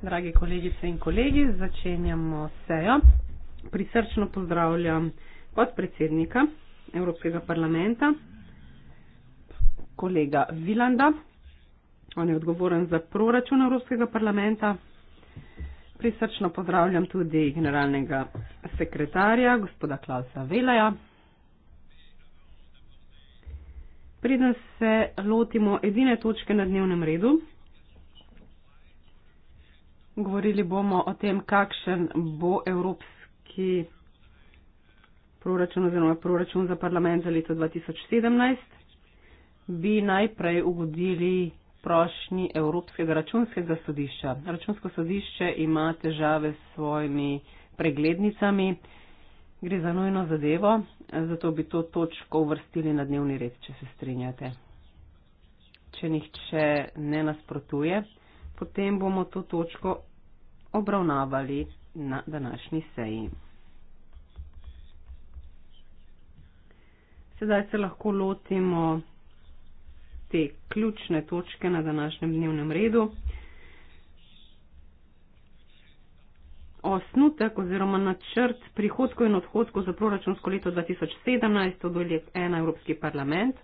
Dragi kolegice in kolegi, začenjamo sejo. Prisrčno pozdravljam podpredsednika Evropskega parlamenta, kolega Vilanda. On je odgovoren za proračun Evropskega parlamenta. Prisrčno pozdravljam tudi generalnega sekretarja, gospoda Klausa Velaja. Preden se lotimo edine točke na dnevnem redu, Govorili bomo o tem, kakšen bo evropski proračun oziroma proračun za parlament za leto 2017. Bi najprej ugodili prošnji Evropskega računskega sodišča. Računsko sodišče ima težave s svojimi preglednicami. Gre za nujno zadevo, zato bi to točko uvrstili na dnevni red, če se strinjate. Če nihče ne nasprotuje potem bomo to točko obravnavali na današnji seji. Sedaj se lahko lotimo te ključne točke na današnjem dnevnem redu. Osnutek oziroma načrt prihodkov in odhodkov za proračunsko leto 2017 odolje 1 Evropski parlament.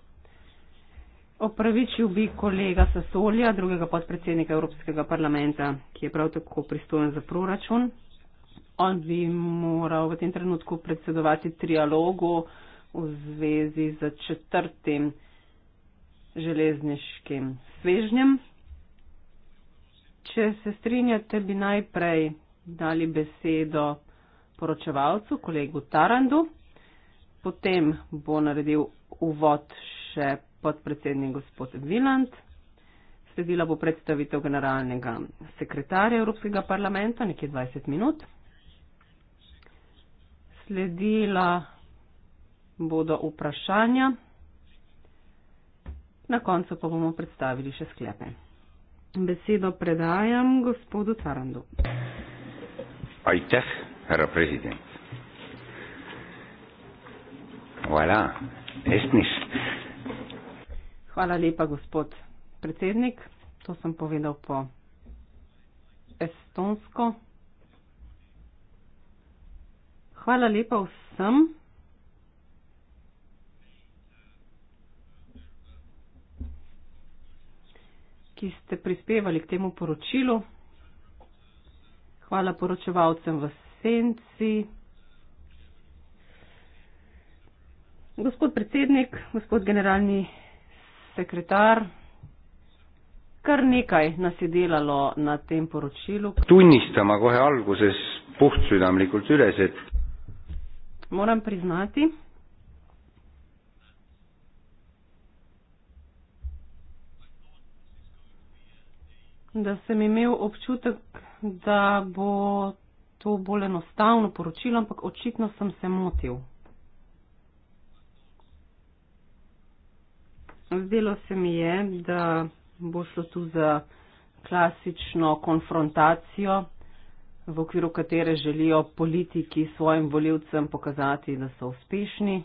Opravičil bi kolega Sasolja, drugega podpredsednika Evropskega parlamenta, ki je prav tako pristojen za proračun. On bi moral v tem trenutku predsedovati trialogu v zvezi z četrtim železniškim svežnjem. Če se strinjate, bi najprej dali besedo poročevalcu, kolegu Tarandu, potem bo naredil uvod še podpredsednik gospod Viland. Sledila bo predstavitev generalnega sekretarja Evropskega parlamenta, nekje 20 minut. Sledila bodo vprašanja. Na koncu pa bomo predstavili še sklepe. Besedo predajam gospodu Tarandu. Ajteh, herra prezident. Hvala. Voilà. Esnis. Hvala lepa, gospod predsednik. To sem povedal po estonsko. Hvala lepa vsem. ki ste prispevali k temu poročilu. Hvala poročevalcem v senci. Gospod predsednik, gospod generalni sekretar. Kar nekaj nas je delalo na tem poročilu. Tunistama kohe alguses puhtsüdamlikult üles, et... Moram priznati, da sem imel občutek, da bo to bolj enostavno poročilo, ampak očitno sem se motil. Zdelo se mi je, da bo šlo tu za klasično konfrontacijo, v okviru katere želijo politiki svojim voljivcem pokazati, da so uspešni.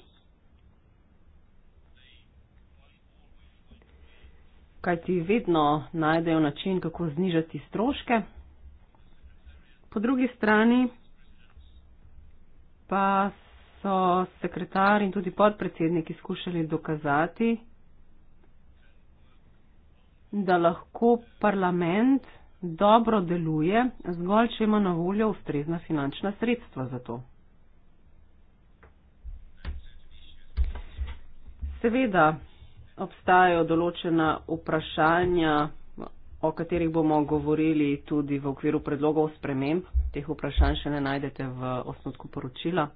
Kaj ti vedno najdejo način, kako znižati stroške. Po drugi strani pa so sekretar in tudi podpredsedniki skušali dokazati, da lahko parlament dobro deluje, zgolj če ima na voljo ustrezna finančna sredstva za to. Seveda obstajajo določena vprašanja, o katerih bomo govorili tudi v okviru predlogov sprememb. Teh vprašanj še ne najdete v osnotku poročila.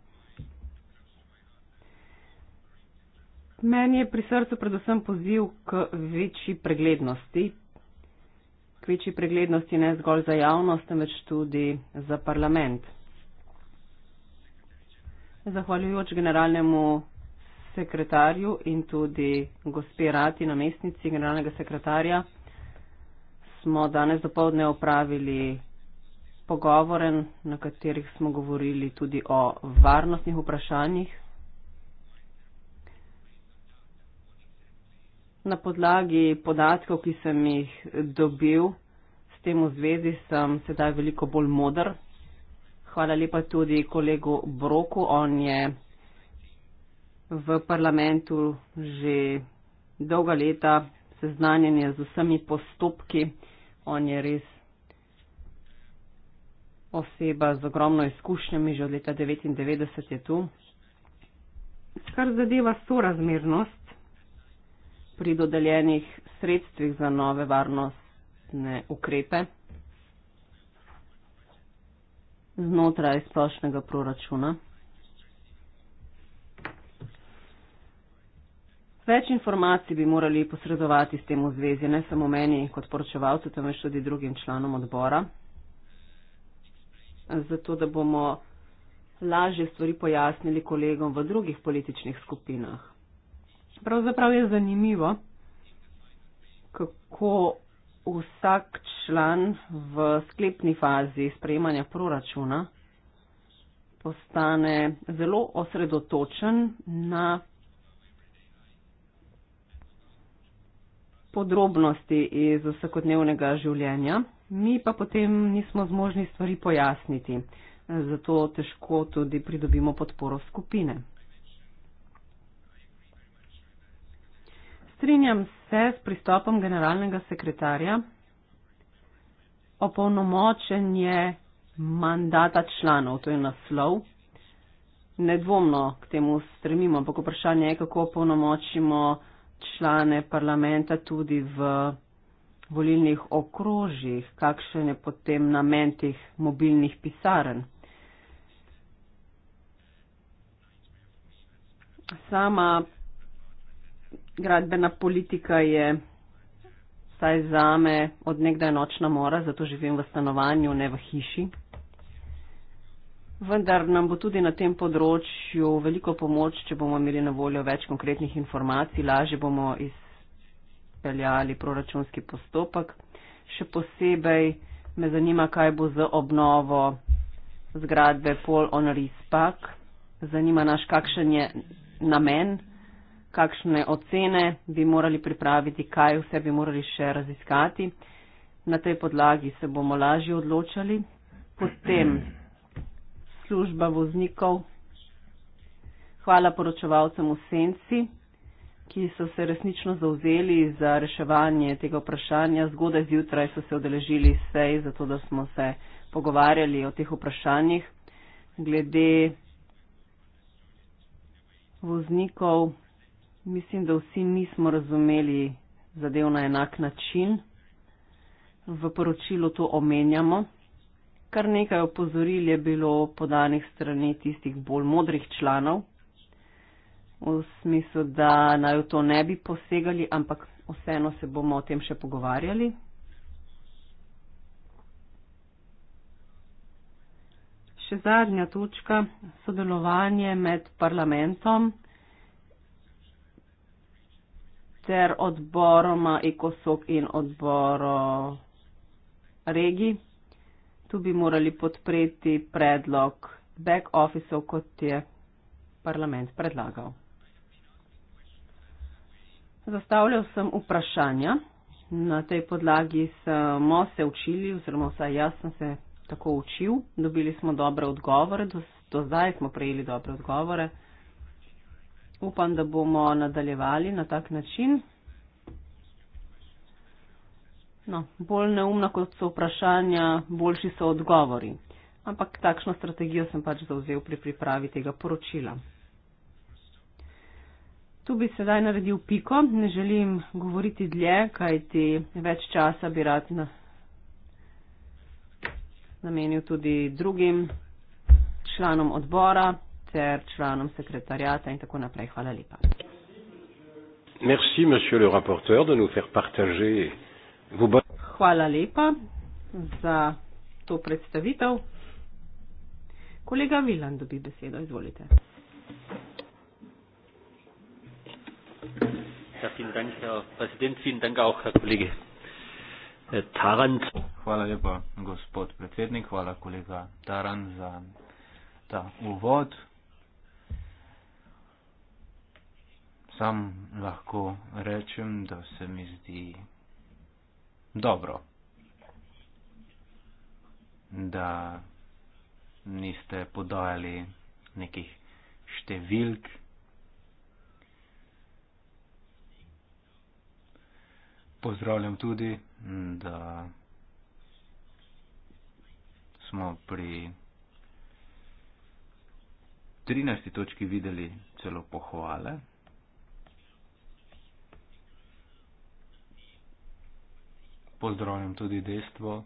Meni je pri srcu predvsem poziv k večji preglednosti. K večji preglednosti ne zgolj za javnost, temveč tudi za parlament. Zahvaljujoč generalnemu sekretarju in tudi gospe Rati, namestnici generalnega sekretarja, smo danes dopoledne opravili pogovore, na katerih smo govorili tudi o varnostnih vprašanjih, Na podlagi podatkov, ki sem jih dobil s tem v zvezi, sem sedaj veliko bolj modr. Hvala lepa tudi kolegu Broku, on je v parlamentu že dolga leta seznanjen z vsemi postopki. On je res oseba z ogromno izkušnjami, že od leta 1999 je tu. Kar zadeva sorazmernost, pri dodeljenih sredstvih za nove varnostne ukrepe znotraj splošnega proračuna. Več informacij bi morali posredovati s tem v zvezi, ne samo meni kot poročevalcu, temveč tudi drugim članom odbora, zato da bomo lažje stvari pojasnili kolegom v drugih političnih skupinah. Pravzaprav je zanimivo, kako vsak član v sklepni fazi sprejemanja proračuna postane zelo osredotočen na podrobnosti iz vsakodnevnega življenja, mi pa potem nismo zmožni stvari pojasniti, zato težko tudi pridobimo podporo skupine. strinjam se s pristopom generalnega sekretarja. Opolnomočen je mandata članov, to je naslov. Nedvomno k temu stremimo, ampak vprašanje je, kako opolnomočimo člane parlamenta tudi v volilnih okrožjih, kakšen je potem namen teh mobilnih pisaren. Sama gradbena politika je vsaj za me od nekdaj nočna mora, zato živim v stanovanju, ne v hiši. Vendar nam bo tudi na tem področju veliko pomoč, če bomo imeli na voljo več konkretnih informacij, lažje bomo izpeljali proračunski postopek. Še posebej me zanima, kaj bo z obnovo zgradbe Paul Honoris Park. Zanima naš, kakšen je namen kakšne ocene bi morali pripraviti, kaj vse bi morali še raziskati. Na tej podlagi se bomo lažje odločali. Potem služba voznikov. Hvala poročevalcem v senci, ki so se resnično zauzeli za reševanje tega vprašanja. Zgodaj zjutraj so se odeležili sej, zato da smo se pogovarjali o teh vprašanjih. Glede voznikov mislim, da vsi nismo razumeli zadev na enak način. V poročilu to omenjamo. Kar nekaj opozoril je bilo podanih strani tistih bolj modrih članov, v smislu, da naj v to ne bi posegali, ampak vseeno se bomo o tem še pogovarjali. Še zadnja točka, sodelovanje med parlamentom sicer odboroma Ekosok in odboro regi. Tu bi morali podpreti predlog back officeov, kot je parlament predlagal. Zastavljal sem vprašanja. Na tej podlagi smo se učili, oziroma vsaj jaz sem se tako učil. Dobili smo dobre odgovore, do, do zdaj smo prejeli dobre odgovore upam, da bomo nadaljevali na tak način. No, bolj neumna kot so vprašanja, boljši so odgovori. Ampak takšno strategijo sem pač zauzel pri pripravi tega poročila. Tu bi sedaj naredil piko, ne želim govoriti dlje, kajti več časa bi rad na, namenil tudi drugim članom odbora, ter članom sekretarjata in tako naprej. Hvala lepa. Merci, monsieur le rapporteur, de nous faire partager vos bonnes. Hvala lepa za to predstavitev. Kolega Vilan dobi besedo, izvolite. Ja, dank, dank auch, äh, Tarant. Hvala lepa, gospod predsednik, hvala kolega Taran za ta uvod. sam lahko rečem, da se mi zdi dobro, da niste podajali nekih številk. Pozdravljam tudi, da smo pri 13. točki videli celo pohvale. pozdravljam tudi dejstvo,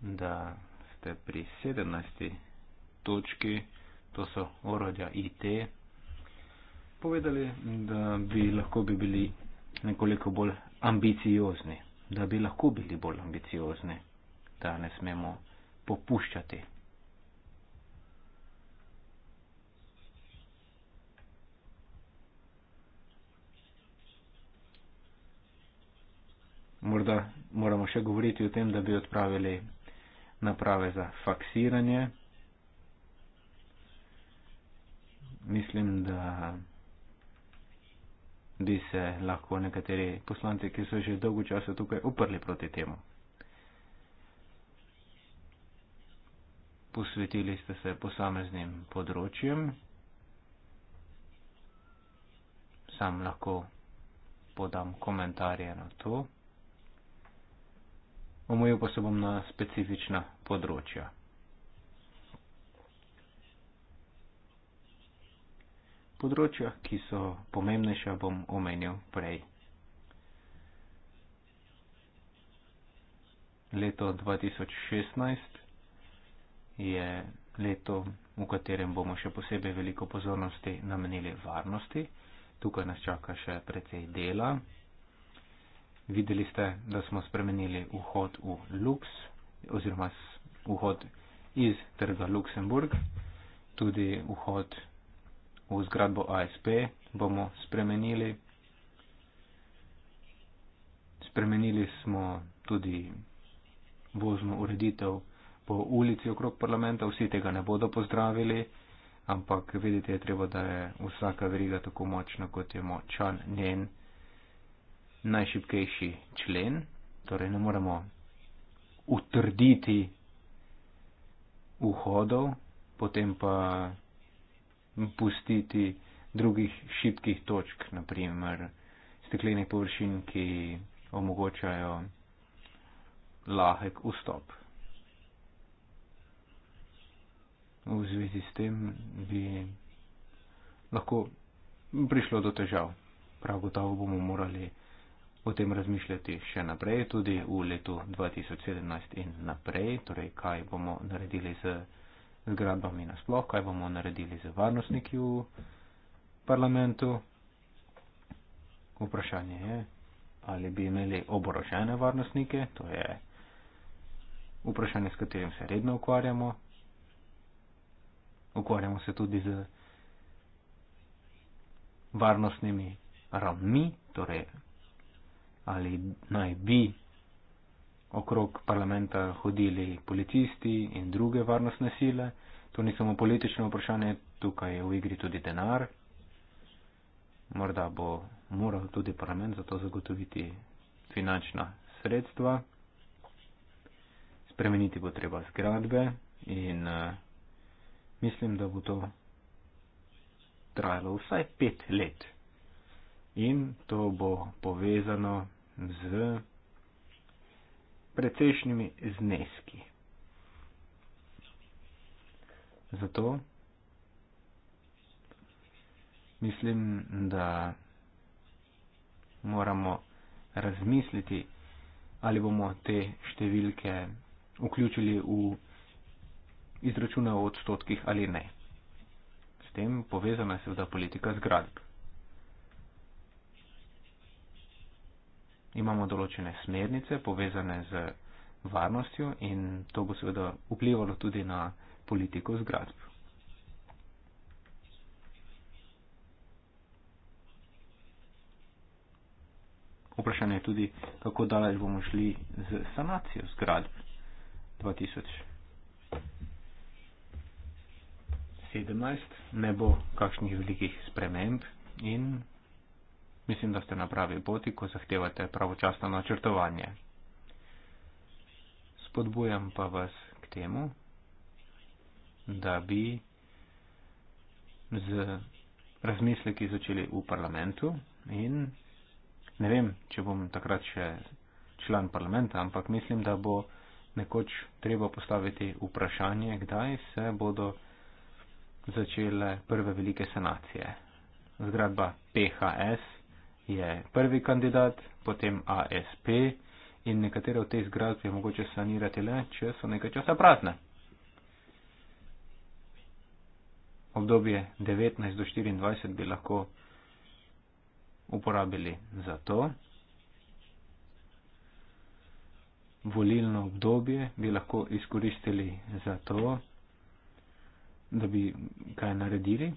da ste pri 17. točki, to so orodja IT, povedali, da bi lahko bi bili nekoliko bolj ambiciozni, da bi lahko bili bolj ambiciozni, da ne smemo popuščati morda moramo še govoriti o tem, da bi odpravili naprave za faksiranje. Mislim, da bi se lahko nekateri poslanci, ki so že dolgo časa tukaj, uprli proti temu. Posvetili ste se posameznim področjem. Sam lahko podam komentarje na to omejil pa se bom na specifična področja. Področja, ki so pomembnejša, bom omenil prej. Leto 2016 je leto, v katerem bomo še posebej veliko pozornosti namenili varnosti. Tukaj nas čaka še precej dela, Videli ste, da smo spremenili vhod v Lux oziroma vhod iz trga Luksemburg, tudi vhod v zgradbo ASP bomo spremenili. Spremenili smo tudi vozno ureditev po ulici okrog parlamenta, vsi tega ne bodo pozdravili, ampak vidite je treba, da je vsaka veriga tako močna, kot je močan njen najšipkejši člen, torej ne moremo utrditi vhodov, potem pa pustiti drugih šipkih točk, naprimer steklenih površin, ki omogočajo lahek vstop. V zvezi s tem bi lahko prišlo do težav. Prav gotovo bomo morali o tem razmišljati še naprej, tudi v letu 2017 in naprej, torej kaj bomo naredili z zgradbami nasploh, kaj bomo naredili z varnostniki v parlamentu. Vprašanje je, ali bi imeli oborožene varnostnike, to je vprašanje, s katerim se redno ukvarjamo. Ukvarjamo se tudi z varnostnimi ravni, torej ali naj bi okrog parlamenta hodili policisti in druge varnostne sile. To ni samo politično vprašanje, tukaj je v igri tudi denar. Morda bo moral tudi parlament za to zagotoviti finančna sredstva. Spremeniti bo treba zgradbe in uh, mislim, da bo to trajalo vsaj pet let in to bo povezano z precejšnjimi zneski. Zato mislim, da moramo razmisliti, ali bomo te številke vključili v izračune v odstotkih ali ne. S tem povezana je seveda politika zgradb. imamo določene smernice povezane z varnostjo in to bo seveda vplivalo tudi na politiko zgradb. Vprašanje je tudi, kako daleč bomo šli z sanacijo zgradb 2017. Ne bo kakšnih velikih sprememb in Mislim, da ste na pravi poti, ko zahtevate pravočasno načrtovanje. Spodbujam pa vas k temu, da bi z razmisleki začeli v parlamentu in ne vem, če bom takrat še član parlamenta, ampak mislim, da bo nekoč treba postaviti vprašanje, kdaj se bodo začele prve velike sanacije. Zgradba PHS je prvi kandidat, potem ASP in nekatere od teh zgradb je mogoče sanirati le, če so nekaj časa prazne. Obdobje 19 do 24 bi lahko uporabili za to. Volilno obdobje bi lahko izkoristili za to, da bi kaj naredili,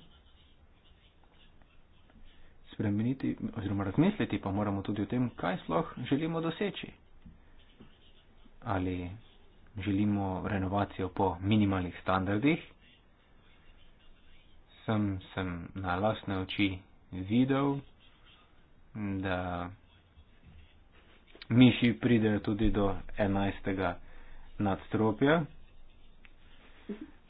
spremeniti oziroma razmisliti pa moramo tudi o tem, kaj sploh želimo doseči. Ali želimo renovacijo po minimalnih standardih? Sem, sem na lastne oči videl, da miši pridejo tudi do enajstega nadstropja.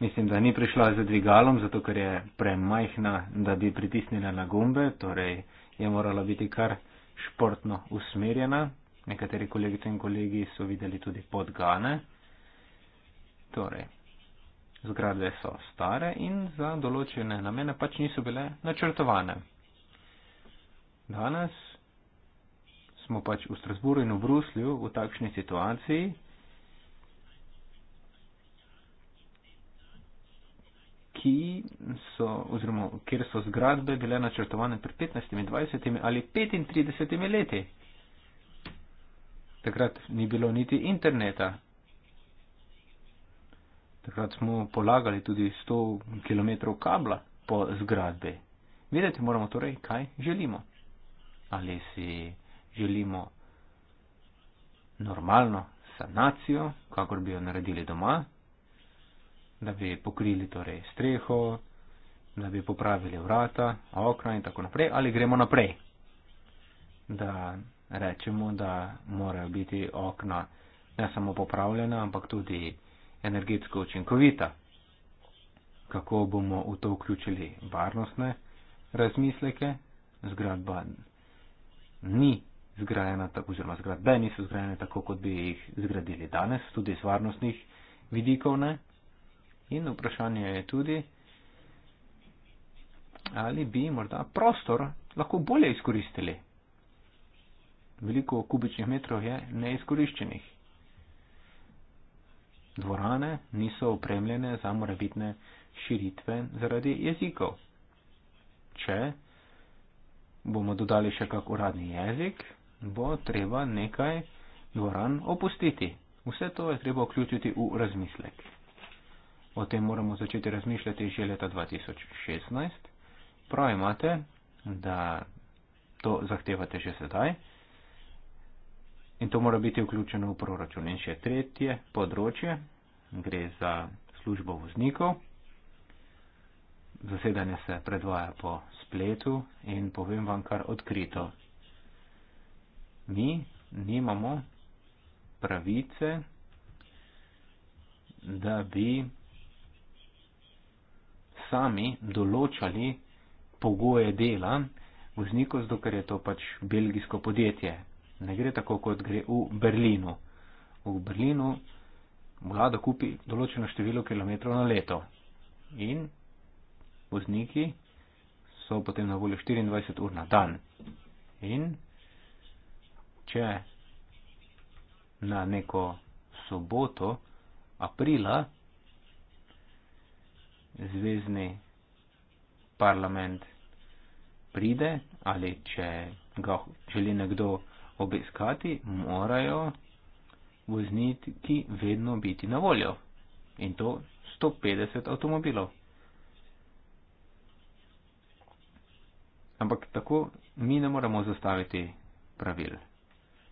Mislim, da ni prišla z dvigalom, zato ker je premajhna, da bi pritisnila na gumbe, torej je morala biti kar športno usmerjena. Nekateri kolegice in kolegi so videli tudi podgane. Torej, zgradbe so stare in za določene namene pač niso bile načrtovane. Danes smo pač v Strasburu in v Bruslju v takšni situaciji, ki so, oziroma kjer so zgradbe bile načrtovane pred 15, 20 ali 35 leti. Takrat ni bilo niti interneta. Takrat smo polagali tudi 100 km kabla po zgradbi. Videti moramo torej, kaj želimo. Ali si želimo normalno sanacijo, kakor bi jo naredili doma, da bi pokrili torej streho, da bi popravili vrata, okna in tako naprej, ali gremo naprej, da rečemo, da morajo biti okna ne samo popravljena, ampak tudi energetsko učinkovita. Kako bomo v to vključili varnostne razmisleke? Zgradba ni zgrajena tako, oziroma zgradbe niso zgrajene tako, kot bi jih zgradili danes, tudi z varnostnih vidikov ne. In vprašanje je tudi, ali bi morda prostor lahko bolje izkoristili. Veliko kubičnih metrov je neizkoriščenih. Dvorane niso opremljene za morebitne širitve zaradi jezikov. Če bomo dodali še kak uradni jezik, bo treba nekaj dvoran opustiti. Vse to je treba vključiti v razmislek. O tem moramo začeti razmišljati že leta 2016. Prav imate, da to zahtevate že sedaj. In to mora biti vključeno v proračun. In še tretje področje, gre za službo voznikov. Zasedanje se predvaja po spletu in povem vam kar odkrito. Mi nimamo pravice, da bi sami določali pogoje dela voznikov, zato ker je to pač belgijsko podjetje. Ne gre tako, kot gre v Berlinu. V Berlinu vlada kupi določeno število kilometrov na leto in vozniki so potem na voljo 24 ur na dan. In če na neko soboto aprila zvezdni parlament pride ali če ga želi nekdo obiskati, morajo vozniki vedno biti na voljo. In to 150 avtomobilov. Ampak tako mi ne moremo zastaviti pravil.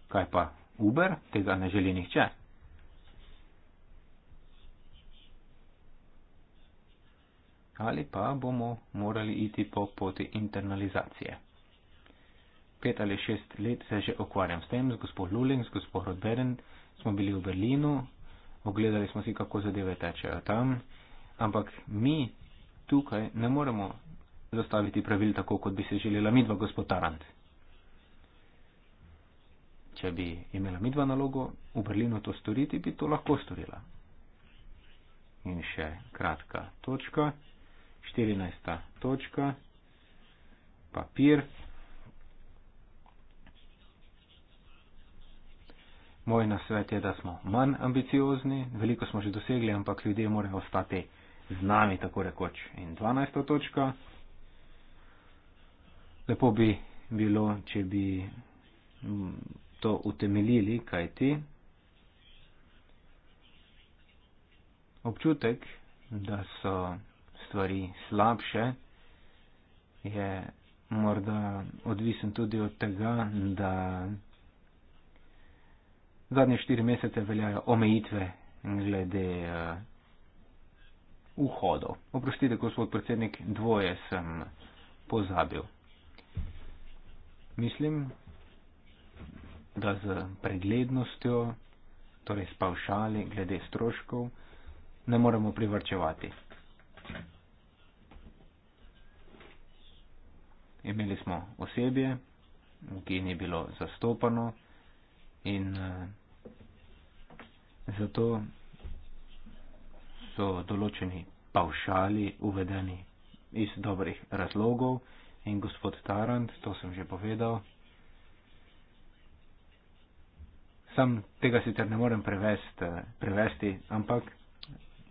Kaj pa Uber, tega ne želi nihče. ali pa bomo morali iti po poti internalizacije. Pet ali šest let se že okvarjam s tem, z gospod Luling, z gospod Rodberen, smo bili v Berlinu, ogledali smo si, kako zadeve tečejo tam, ampak mi tukaj ne moremo zastaviti pravil tako, kot bi se želela midva gospod Tarant. Če bi imela midva nalogo v Berlinu to storiti, bi to lahko storila. In še kratka točka. 14. točka, papir. Moj nasvet je, da smo manj ambiciozni, veliko smo že dosegli, ampak ljudje morajo ostati z nami, tako rekoč. In 12. točka. Lepo bi bilo, če bi mm, to utemeljili, kaj ti. Občutek, da so stvari slabše, je morda odvisen tudi od tega, da zadnje štiri mesece veljajo omejitve glede uh, vhodov. Oprostite, gospod predsednik, dvoje sem pozabil. Mislim, da z preglednostjo, torej s pavšali glede stroškov, ne moremo privrčevati. imeli smo osebje, ki ni bilo zastopano in uh, zato so določeni pavšali uvedeni iz dobrih razlogov in gospod Tarant, to sem že povedal, sam tega sicer ne morem prevesti, eh, prevesti ampak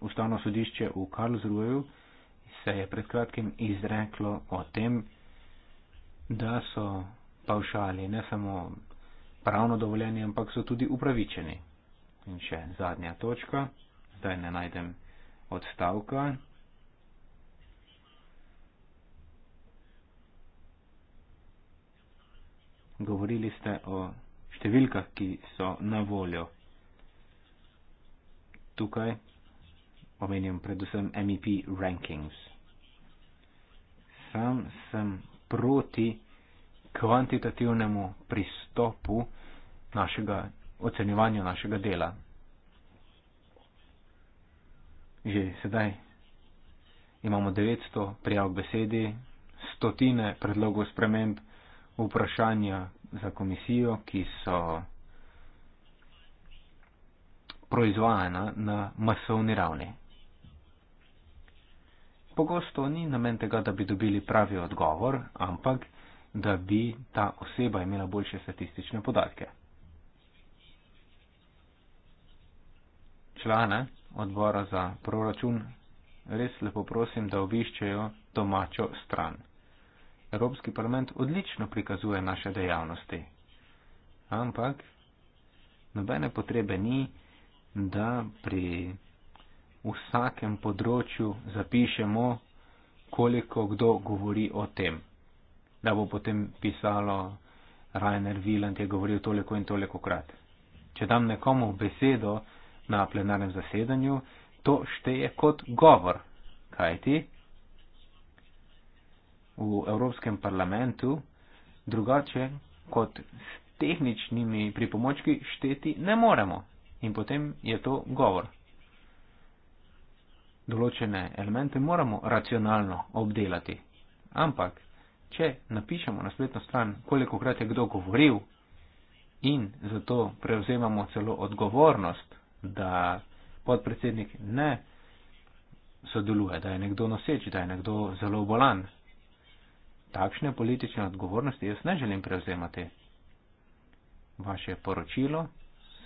ustavno sodišče v Karlsruheju se je pred kratkim izreklo o tem, da so pavšali ne samo pravno dovoljeni, ampak so tudi upravičeni. In še zadnja točka, zdaj ne najdem odstavka. Govorili ste o številkah, ki so na voljo. Tukaj omenjam predvsem MEP rankings. Sam sem proti kvantitativnemu pristopu našega ocenjevanja našega dela. Že sedaj imamo 900 prijav k besedi, stotine predlogov sprememb, vprašanja za komisijo, ki so proizvajana na masovni ravni. Pogosto ni namen tega, da bi dobili pravi odgovor, ampak da bi ta oseba imela boljše statistične podatke. Člane odbora za proračun res lepo prosim, da obiščejo domačo stran. Evropski parlament odlično prikazuje naše dejavnosti, ampak nobene potrebe ni, da pri vsakem področju zapišemo, koliko kdo govori o tem. Da bo potem pisalo, Rainer Wieland je govoril toliko in toliko krat. Če dam nekomu besedo na plenarnem zasedanju, to šteje kot govor. Kaj ti? V Evropskem parlamentu drugače kot s tehničnimi pripomočki šteti ne moremo. In potem je to govor določene elemente moramo racionalno obdelati. Ampak, če napišemo na spletno stran, koliko krat je kdo govoril in zato prevzemamo celo odgovornost, da podpredsednik ne sodeluje, da je nekdo noseč, da je nekdo zelo bolan. Takšne politične odgovornosti jaz ne želim prevzemati. Vaše poročilo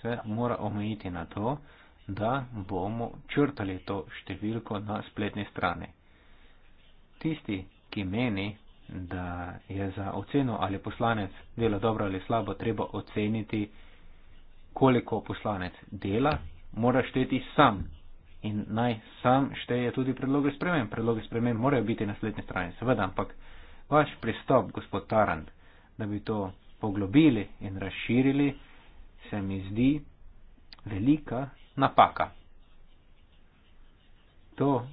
se mora omejiti na to, da bomo črtali to številko na spletni strani. Tisti, ki meni, da je za oceno ali poslanec dela dobro ali slabo, treba oceniti, koliko poslanec dela, mora šteti sam. In naj sam šteje tudi predloge spremen. Predloge spremen morajo biti na spletni strani, seveda, ampak vaš pristop, gospod Tarant, da bi to poglobili in razširili, se mi zdi velika napaka. To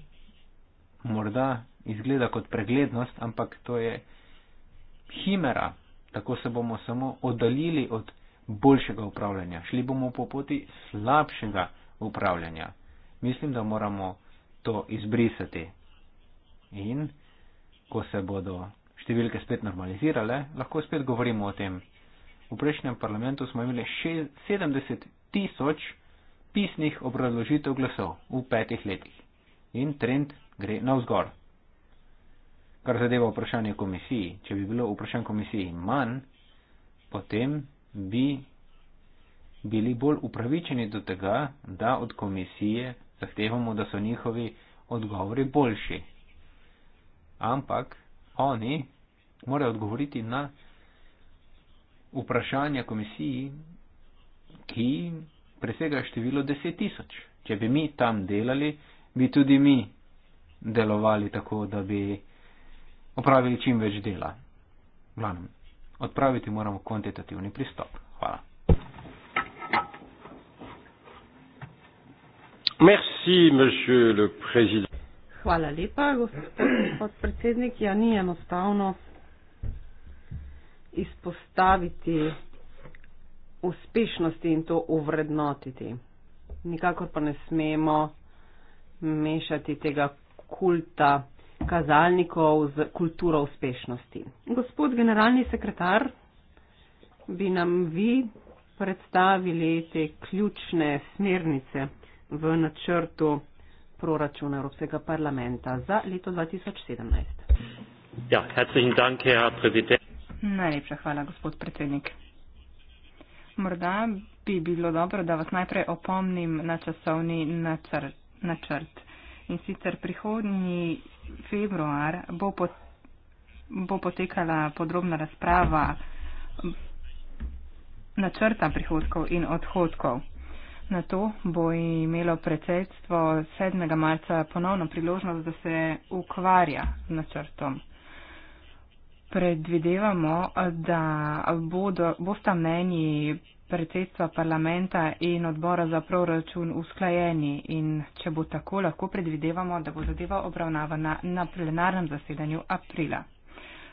morda izgleda kot preglednost, ampak to je himera. Tako se bomo samo oddaljili od boljšega upravljanja. Šli bomo po poti slabšega upravljanja. Mislim, da moramo to izbrisati. In ko se bodo številke spet normalizirale, lahko spet govorimo o tem. V prejšnjem parlamentu smo imeli še 70 tisoč pisnih obrazložitev glasov v petih letih in trend gre navzgor. Kar zadeva vprašanje komisiji, če bi bilo vprašanj komisiji manj, potem bi bili bolj upravičeni do tega, da od komisije zahtevamo, da so njihovi odgovori boljši. Ampak oni morajo odgovoriti na vprašanja komisiji, ki presega število 10.000. Če bi mi tam delali, bi tudi mi delovali tako, da bi opravili čim več dela. Glavnem, odpraviti moramo kvantitativni pristop. Hvala. Merci, Hvala lepa, gospod podpredsednik. Ja, ni enostavno izpostaviti uspešnosti in to uvrednotiti. Nikakor pa ne smemo mešati tega kulta kazalnikov z kulturo uspešnosti. Gospod generalni sekretar, bi nam vi predstavili te ključne smernice v načrtu proračuna Evropskega parlamenta za leto 2017. Ja, herzlichen dank, herr Präsident. Najlepša hvala, gospod predsednik morda bi bilo dobro, da vas najprej opomnim na časovni načrt. načrt. In sicer prihodnji februar bo, pot, bo potekala podrobna razprava načrta prihodkov in odhodkov. Na to bo imelo predsedstvo 7. marca ponovno priložnost, da se ukvarja načrtom predvidevamo, da bodo, bosta mnenji predsedstva parlamenta in odbora za proračun usklajeni in če bo tako, lahko predvidevamo, da bo zadeva obravnavana na plenarnem zasedanju aprila.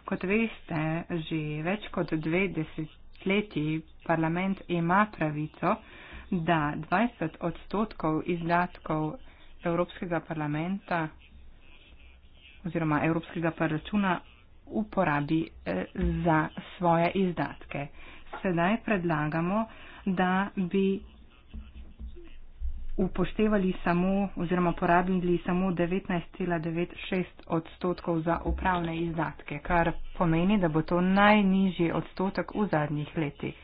Kot veste, že več kot dve desetletji parlament ima pravico, da 20 odstotkov izdatkov Evropskega parlamenta oziroma Evropskega proračuna uporabi eh, za svoje izdatke. Sedaj predlagamo, da bi upoštevali samo oziroma porabili samo 19,96 odstotkov za upravne izdatke, kar pomeni, da bo to najnižji odstotek v zadnjih letih.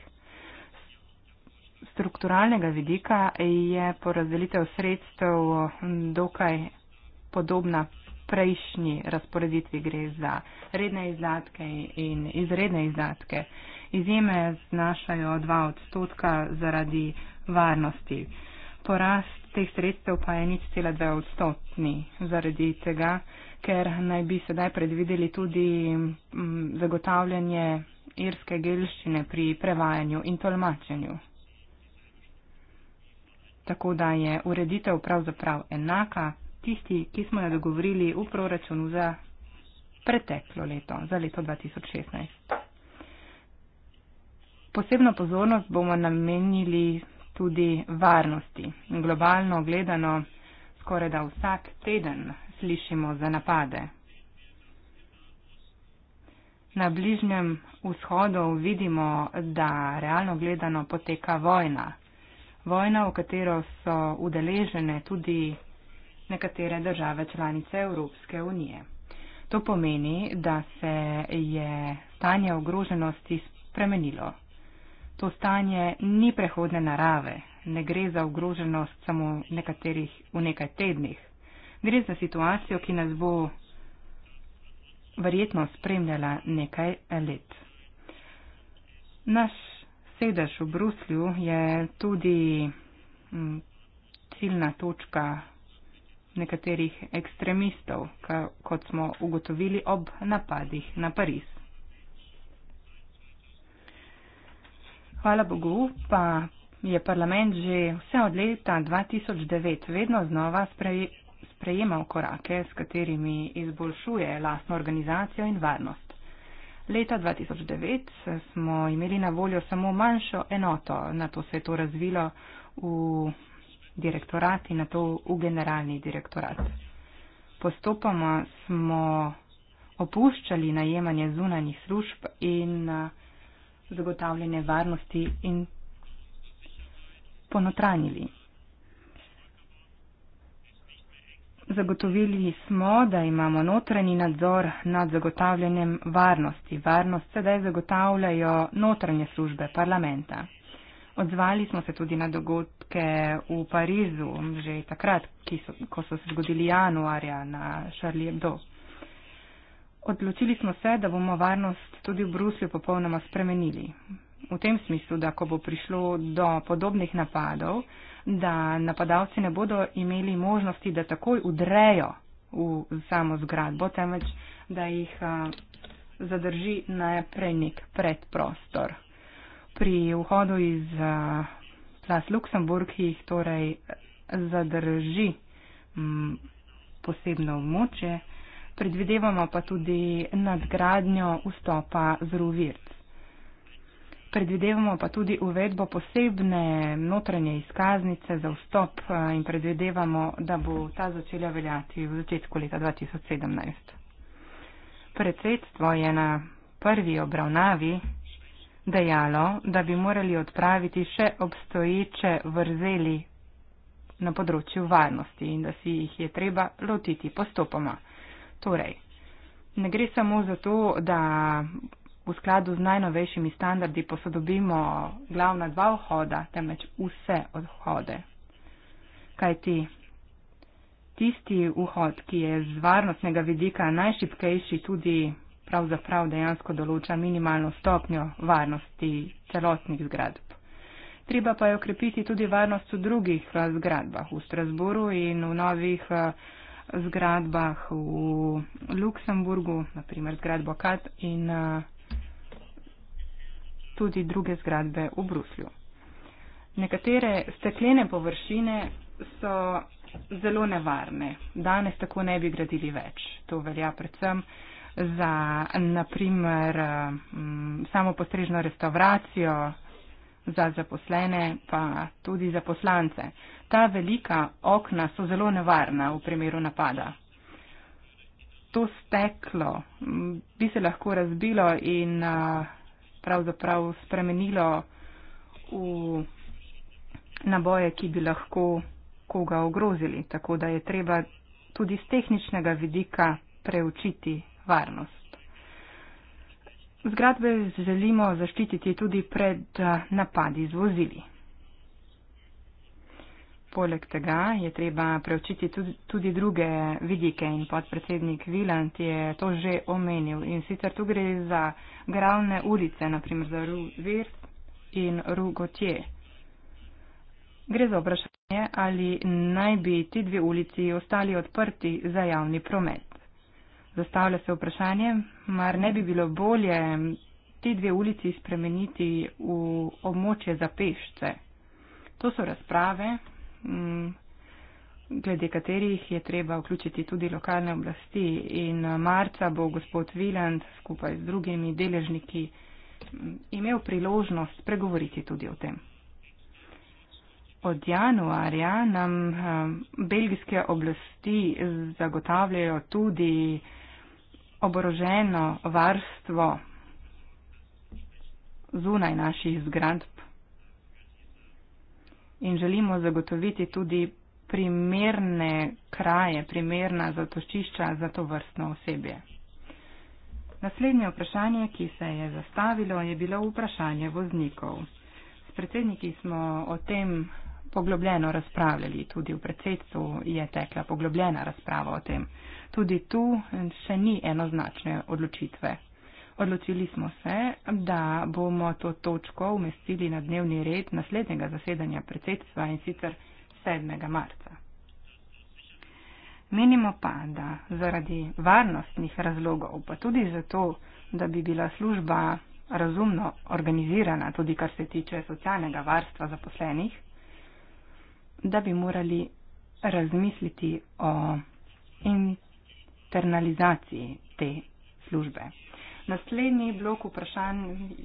Strukturalnega vidika je porazdelitev sredstev dokaj podobna prejšnji razporeditvi gre za redne izdatke in izredne izdatke. Izjeme znašajo 2 odstotka zaradi varnosti. Porast teh sredstev pa je nič cela 2 odstotni zaradi tega, ker naj bi sedaj predvideli tudi mm, zagotavljanje irske gelščine pri prevajanju in tolmačenju. Tako da je ureditev pravzaprav enaka, tisti, ki smo jo dogovorili v proračunu za preteklo leto, za leto 2016. Posebno pozornost bomo namenili tudi varnosti. Globalno gledano, skoraj da vsak teden slišimo za napade. Na bližnjem vzhodu vidimo, da realno gledano poteka vojna. Vojna, v katero so udeležene tudi nekatere države članice Evropske unije. To pomeni, da se je stanje ogroženosti spremenilo. To stanje ni prehodne narave, ne gre za ogroženost samo nekaterih v nekaj tednih. Gre za situacijo, ki nas bo verjetno spremljala nekaj let. Naš sedež v Bruslju je tudi mm, ciljna točka nekaterih ekstremistov, kot smo ugotovili ob napadih na Pariz. Hvala Bogu, pa je parlament že vse od leta 2009 vedno znova sprejemal korake, s katerimi izboljšuje lastno organizacijo in varnost. Leta 2009 smo imeli na voljo samo manjšo enoto, na to se je to razvilo v direktorat in na to v generalni direktorat. Postopoma smo opuščali najemanje zunanjih služb in zagotavljanje varnosti in ponotranjili. Zagotovili smo, da imamo notranji nadzor nad zagotavljanjem varnosti. Varnost sedaj zagotavljajo notranje službe parlamenta. Odzvali smo se tudi na dogodke v Parizu, že takrat, so, ko so se zgodili januarja na Charlie Hebdo. Odločili smo se, da bomo varnost tudi v Bruslju popolnoma spremenili. V tem smislu, da ko bo prišlo do podobnih napadov, da napadalci ne bodo imeli možnosti, da takoj udrejo v samo zgradbo, temveč da jih a, zadrži najprej nek predprostor pri vhodu iz eh, Plas Luksemburg jih torej zadrži mm, posebno območje, predvidevamo pa tudi nadgradnjo vstopa z Ruvirc. Predvidevamo pa tudi uvedbo posebne notranje izkaznice za vstop eh, in predvidevamo, da bo ta začela veljati v začetku leta 2017. Predsedstvo je na prvi obravnavi dejalo, da bi morali odpraviti še obstoječe vrzeli na področju varnosti in da si jih je treba lotiti postopoma. Torej, ne gre samo za to, da v skladu z najnovejšimi standardi posodobimo glavna dva vhoda, temveč vse odhode. Kaj ti? Tisti vhod, ki je z varnostnega vidika najšipkejši, tudi pravzaprav dejansko določa minimalno stopnjo varnosti celotnih zgradb. Treba pa je okrepiti tudi varnost v drugih eh, zgradbah v Strasburu in v novih eh, zgradbah v Luksemburgu, naprimer zgradbo Kat in eh, tudi druge zgradbe v Bruslju. Nekatere steklene površine so zelo nevarne. Danes tako ne bi gradili več. To velja predvsem za, naprimer, mm, samopostrežno restauracijo, za zaposlene, pa tudi za poslance. Ta velika okna so zelo nevarna v primeru napada. To steklo mm, bi se lahko razbilo in pravzaprav spremenilo v naboje, ki bi lahko koga ogrozili. Tako da je treba tudi z tehničnega vidika preučiti varnost. Zgradbe želimo zaščititi tudi pred eh, napadi z vozili. Poleg tega je treba preučiti tudi druge vidike in podpredsednik Viland je to že omenil. In sicer tu gre za gravne ulice, naprimer za Rue Vert in Rue Gautier. Gre za vprašanje, ali naj bi ti dve ulici ostali odprti za javni promet. Zastavlja se vprašanje, mar ne bi bilo bolje te dve ulici spremeniti v območje za pešce. To so razprave, mm, glede katerih je treba vključiti tudi lokalne oblasti in eh, marca bo gospod Viland skupaj z drugimi deležniki mm, imel priložnost pregovoriti tudi o tem. Od januarja nam eh, belgijske oblasti zagotavljajo tudi oboroženo varstvo zunaj naših zgradb in želimo zagotoviti tudi primerne kraje, primerna zatočišča za to vrstno osebje. Naslednje vprašanje, ki se je zastavilo, je bilo vprašanje voznikov. S predsedniki smo o tem poglobljeno razpravljali, tudi v predsedstvu je tekla poglobljena razprava o tem. Tudi tu eh, še ni enoznačne odločitve. Odločili smo se, da bomo to točko umestili na dnevni red naslednjega zasedanja predsedstva in sicer 7. marca. Menimo pa, da zaradi varnostnih razlogov, pa tudi zato, da bi bila služba razumno organizirana, tudi kar se tiče socialnega varstva zaposlenih, da bi morali razmisliti o internalizaciji te službe. Naslednji blok vprašanj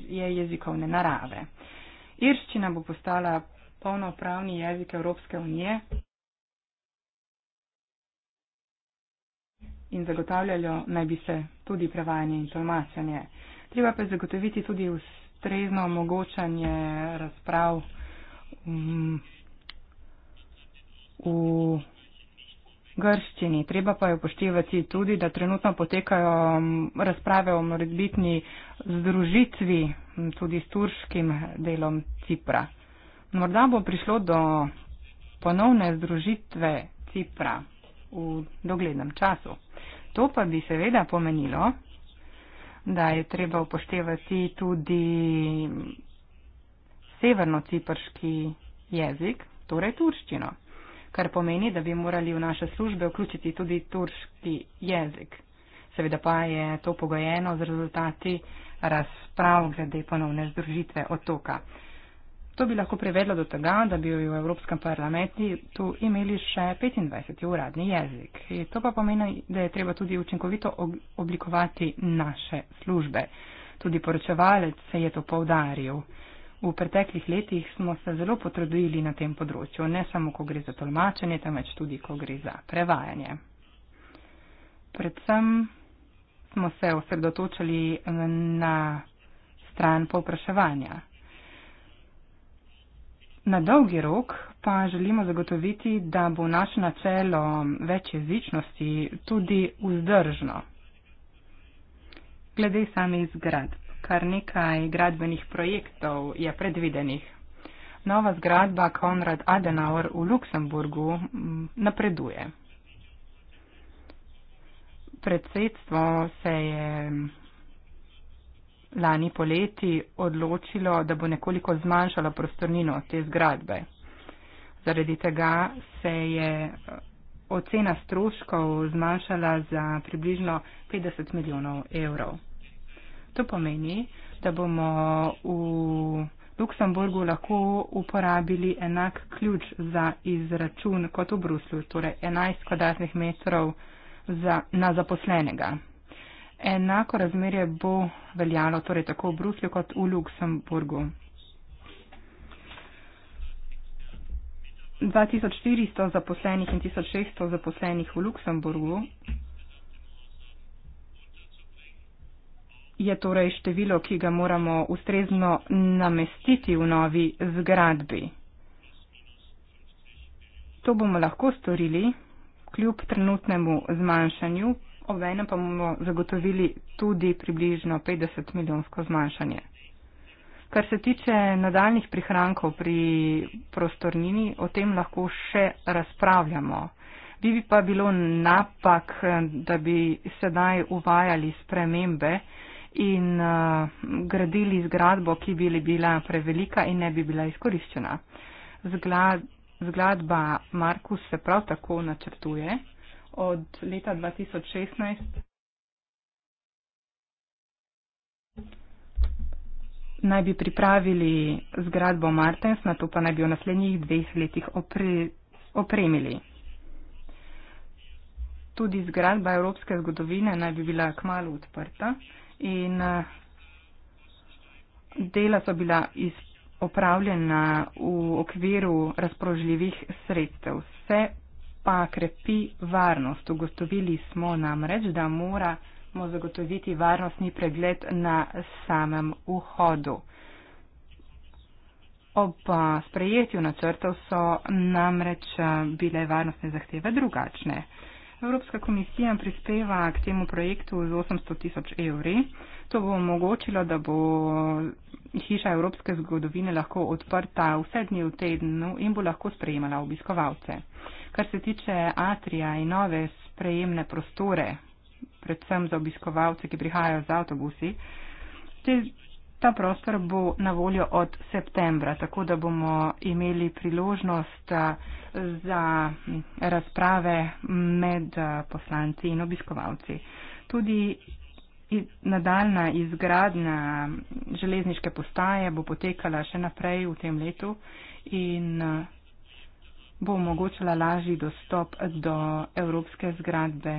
je jezikovne narave. Irščina bo postala polnopravni jezik Evropske unije in zagotavljalo naj bi se tudi prevajanje in tolmačenje. Treba pa zagotoviti tudi ustrezno omogočanje razprav. Um, v Grščini. Treba pa je upoštevati tudi, da trenutno potekajo razprave o morebitni združitvi tudi s turškim delom Cipra. Morda bo prišlo do ponovne združitve Cipra v doglednem času. To pa bi seveda pomenilo, da je treba upoštevati tudi severno-ciprški jezik, torej turščino kar pomeni, da bi morali v naše službe vključiti tudi turški jezik. Seveda pa je to pogojeno z rezultati razprav glede ponovne združitve otoka. To bi lahko privedlo do tega, da bi v Evropskem parlamentu tu imeli še 25 uradni jezik. In to pa pomeni, da je treba tudi učinkovito oblikovati naše službe. Tudi poročevalec se je to poudaril. V preteklih letih smo se zelo potrudili na tem področju, ne samo, ko gre za tolmačenje, temveč tudi, ko gre za prevajanje. Predvsem smo se osredotočili na stran povpraševanja. Na dolgi rok pa želimo zagotoviti, da bo naše načelo več jezičnosti tudi vzdržno. Glede samih zgradb kar nekaj gradbenih projektov je predvidenih. Nova zgradba Konrad Adenauer v Luksemburgu mm, napreduje. Predsedstvo se je lani poleti odločilo, da bo nekoliko zmanjšalo prostornino te zgradbe. Zaradi tega se je eh, ocena stroškov zmanjšala za približno 50 milijonov evrov. To pomeni, da bomo v Luksemburgu lahko uporabili enak ključ za izračun kot v Bruslju, torej 11 kvadratnih metrov za, na zaposlenega. Enako razmerje bo veljalo torej tako v Bruslju kot v Luksemburgu. 2400 zaposlenih in 1600 zaposlenih v Luksemburgu je torej število, ki ga moramo ustrezno namestiti v novi zgradbi. To bomo lahko storili kljub trenutnemu zmanjšanju, obenem pa bomo zagotovili tudi približno 50 milijonsko zmanjšanje. Kar se tiče nadaljnih prihrankov pri prostornini, o tem lahko še razpravljamo. Bi pa bilo napak, da bi sedaj uvajali spremembe, in uh, gradili zgradbo, ki bi bila prevelika in ne bi bila izkoriščena. Zglad, zgladba Markus se prav tako načrtuje od leta 2016. Naj bi pripravili zgradbo Martens, na to pa naj bi v naslednjih dveh letih opre, opremili. Tudi zgradba evropske zgodovine naj bi bila kmalo odprta in eh, dela so bila opravljena v okviru razpoložljivih sredstev. Vse pa krepi varnost. Ugotovili smo namreč, da moramo zagotoviti varnostni pregled na samem vhodu. Ob eh, sprejetju načrtov so namreč eh, bile varnostne zahteve drugačne. Evropska komisija prispeva k temu projektu z 800 tisoč evri. To bo omogočilo, da bo hiša evropske zgodovine lahko odprta vse dni v tednu in bo lahko sprejemala obiskovalce. Kar se tiče atrija in nove sprejemne prostore, predvsem za obiskovalce, ki prihajajo z avtobusi, te Ta prostor bo na voljo od septembra, tako da bomo imeli priložnost za razprave med poslanci in obiskovalci. Tudi nadaljna izgradna železniške postaje bo potekala še naprej v tem letu in bo omogočala lažji dostop do evropske zgradbe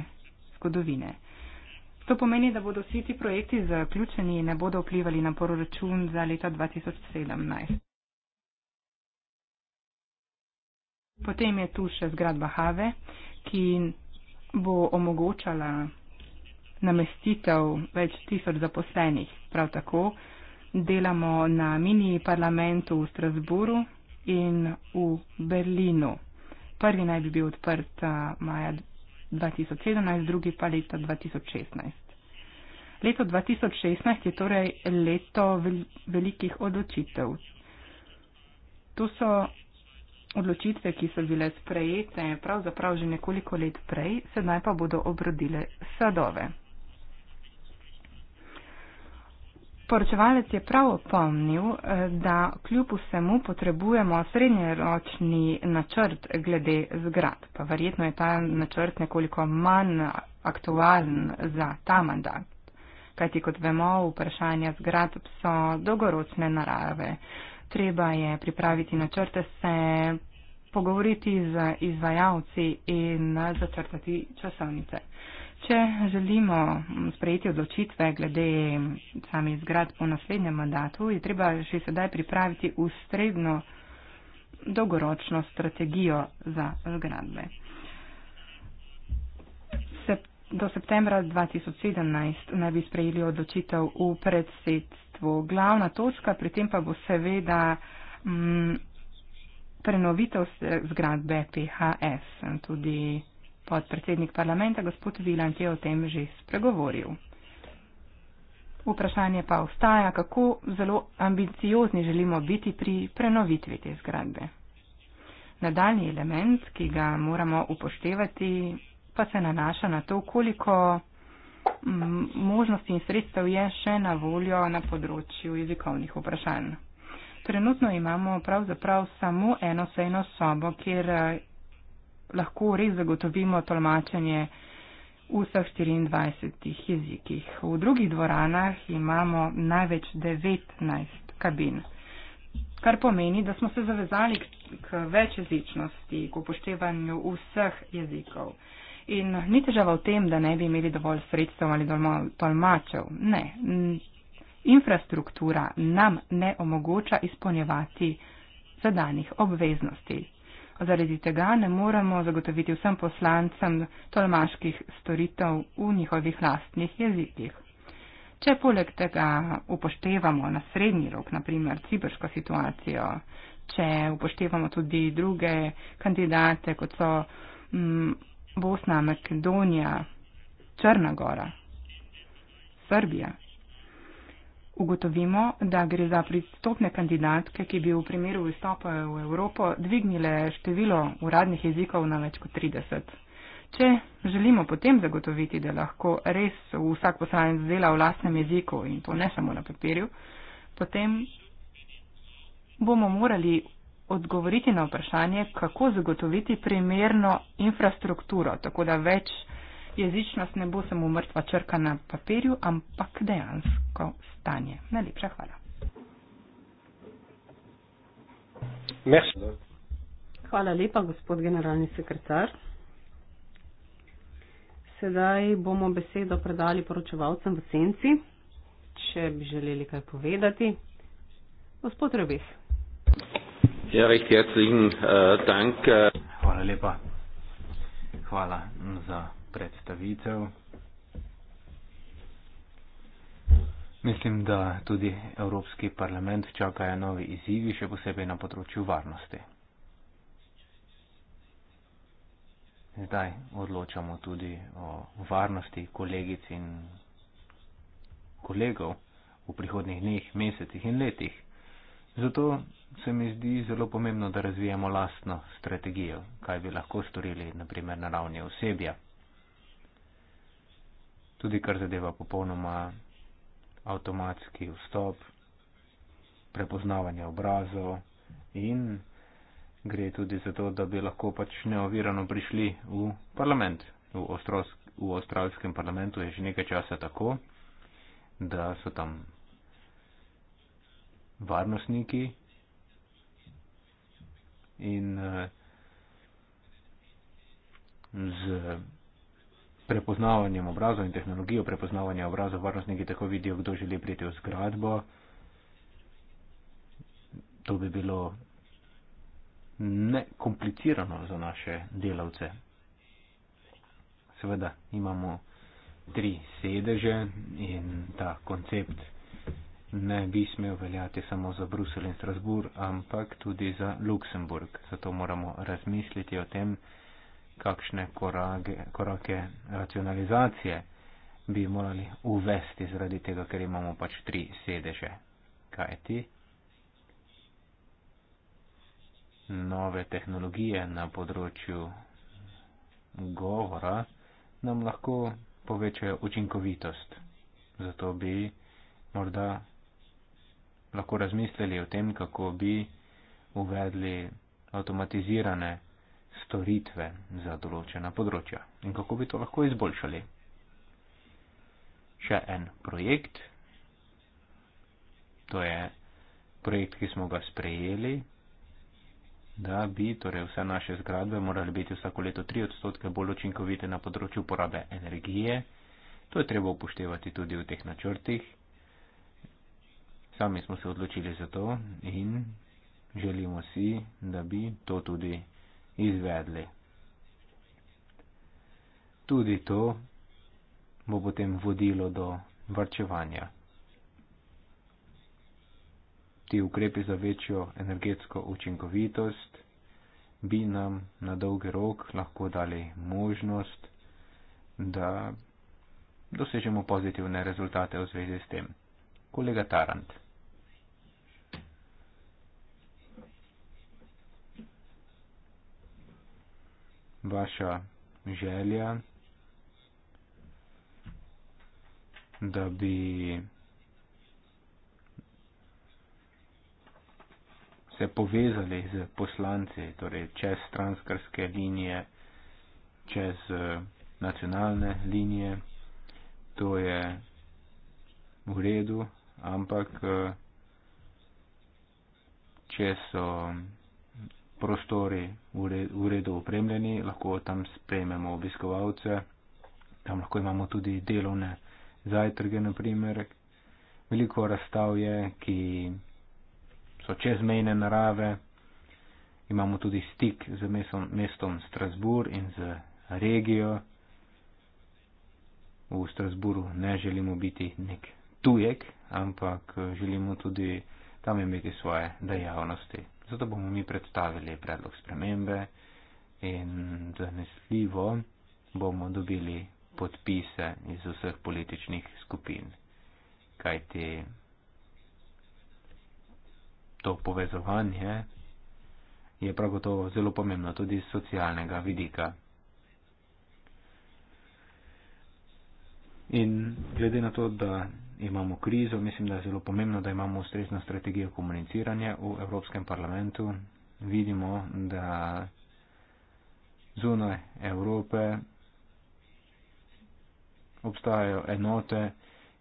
zgodovine. To pomeni, da bodo vsi ti projekti zaključeni in ne bodo vplivali na proračun za leto 2017. Potem je tu še zgradba Have, ki bo omogočala namestitev več tisoč zaposlenih. Prav tako delamo na mini parlamentu v Strasburu in v Berlinu. Prvi naj bi bil odprt eh, maja 2017, drugi pa leta 2016. Leto 2016 je torej leto velikih odločitev. To so odločitve, ki so bile sprejete pravzaprav že nekoliko let prej, sedaj pa bodo obrodile sadove. Poročevalec je prav opomnil, da kljub vsemu potrebujemo srednjeročni načrt glede zgrad, pa verjetno je ta načrt nekoliko manj aktualen za ta mandat kajti kot vemo, vprašanja zgradb so dolgoročne narave. Treba je pripraviti načrte, se pogovoriti z izvajalci in začrtati časovnice. Če želimo sprejeti odločitve glede samih zgradb v naslednjem mandatu, je treba že sedaj pripraviti ustredno dolgoročno strategijo za zgradbe. Do septembra 2017 naj bi sprejeli odločitev v predsedstvu. Glavna točka pri tem pa bo seveda m, mm, prenovitev zgradbe PHS. Tudi podpredsednik parlamenta, gospod Viland, je o tem že spregovoril. Vprašanje pa ostaja, kako zelo ambiciozni želimo biti pri prenovitvi te zgradbe. Nadaljni element, ki ga moramo upoštevati, pa se nanaša na to, koliko mm, možnosti in sredstev je še na voljo na področju jezikovnih vprašanj. Trenutno imamo pravzaprav samo eno sejno sobo, kjer eh, lahko res zagotovimo tolmačenje v vseh 24 jezikih. V drugih dvoranah imamo največ 19 kabin, kar pomeni, da smo se zavezali k večjezičnosti, k upoštevanju vseh jezikov. In ni težava v tem, da ne bi imeli dovolj sredstev ali dovolj tolmačev. Ne, infrastruktura nam ne omogoča izpolnjevati zadanih obveznosti. Zaradi tega ne moremo zagotoviti vsem poslancem tolmaških storitev v njihovih lastnih jezikih. Če poleg tega upoštevamo na srednji rok, naprimer cibrško situacijo, če upoštevamo tudi druge kandidate, kot so mm, Bosna, Makedonija, Črna Gora, Srbija. Ugotovimo, da gre za pristopne kandidatke, ki bi v primeru vstopa v Evropo dvignile število uradnih jezikov na več kot 30. Če želimo potem zagotoviti, da lahko res vsak poslanec dela v lastnem jeziku in to ne samo na papirju, potem bomo morali odgovoriti na vprašanje, kako zagotoviti primerno infrastrukturo, tako da več jezičnost ne bo samo mrtva črka na papirju, ampak dejansko stanje. Najlepša hvala. Merci. Hvala lepa, gospod generalni sekretar. Sedaj bomo besedo predali poročevalcem v senci, če bi želeli kaj povedati. Gospod Rebis. Ja, recht herzlichen äh, Dank. Äh. Hvala lepa. Hvala za predstavitev. Mislim, da tudi Evropski parlament čakajo novi izzivi, še posebej na področju varnosti. Zdaj odločamo tudi o varnosti kolegic in kolegov v prihodnih dneh, mesecih in letih. Zato se mi zdi zelo pomembno, da razvijamo lastno strategijo, kaj bi lahko storili, naprimer na ravni osebja. Tudi kar zadeva popolnoma avtomatski vstop, prepoznavanje obrazov in gre tudi za to, da bi lahko pač neovirano prišli v parlament. V, ostros, v avstralskem parlamentu je že nekaj časa tako, da so tam varnostniki in eh, z prepoznavanjem obrazov in tehnologijo prepoznavanja obrazov varnostniki tako vidijo, kdo želi priti v zgradbo. To bi bilo nekomplicirano za naše delavce. Seveda imamo tri sedeže in ta koncept ne bi smel veljati samo za Bruselj in Strasbourg, ampak tudi za Luksemburg. Zato moramo razmisliti o tem, kakšne korake, korake racionalizacije bi morali uvesti zaradi tega, ker imamo pač tri sedeže. Kaj ti? Nove tehnologije na področju govora nam lahko povečajo učinkovitost. Zato bi morda lahko razmislili o tem, kako bi uvedli avtomatizirane storitve za določena področja in kako bi to lahko izboljšali. Še en projekt, to je projekt, ki smo ga sprejeli, da bi torej vse naše zgradbe morali biti vsako leto 3 odstotke bolj učinkovite na področju uporabe energije. To je treba upoštevati tudi v teh načrtih sami smo se odločili za to in želimo si, da bi to tudi izvedli. Tudi to bo potem vodilo do varčevanja. Ti ukrepi za večjo energetsko učinkovitost bi nam na dolgi rok lahko dali možnost, da dosežemo pozitivne rezultate v zvezi s tem. Kolega Tarant. vaša želja, da bi se povezali z poslanci, torej čez stranskarske linije, čez eh, nacionalne linije. To je v redu, ampak eh, če so prostori v redu opremljeni, lahko tam sprejmemo obiskovalce, tam lahko imamo tudi delovne zajtrge, naprimer. Veliko razstav je, ki so čezmejne narave, imamo tudi stik z mestom, mestom Strasbourg in z regijo. V Strasburu ne želimo biti nek tujek, ampak eh, želimo tudi tam imeti svoje dejavnosti. Zato bomo mi predstavili predlog spremembe in zanesljivo bomo dobili podpise iz vseh političnih skupin, kajti to povezovanje je prav gotovo zelo pomembno tudi iz socialnega vidika. In glede na to, da imamo krizo, mislim, da je zelo pomembno, da imamo ustrezno strategijo komuniciranja v Evropskem parlamentu. Vidimo, da zunaj Evrope obstajajo enote,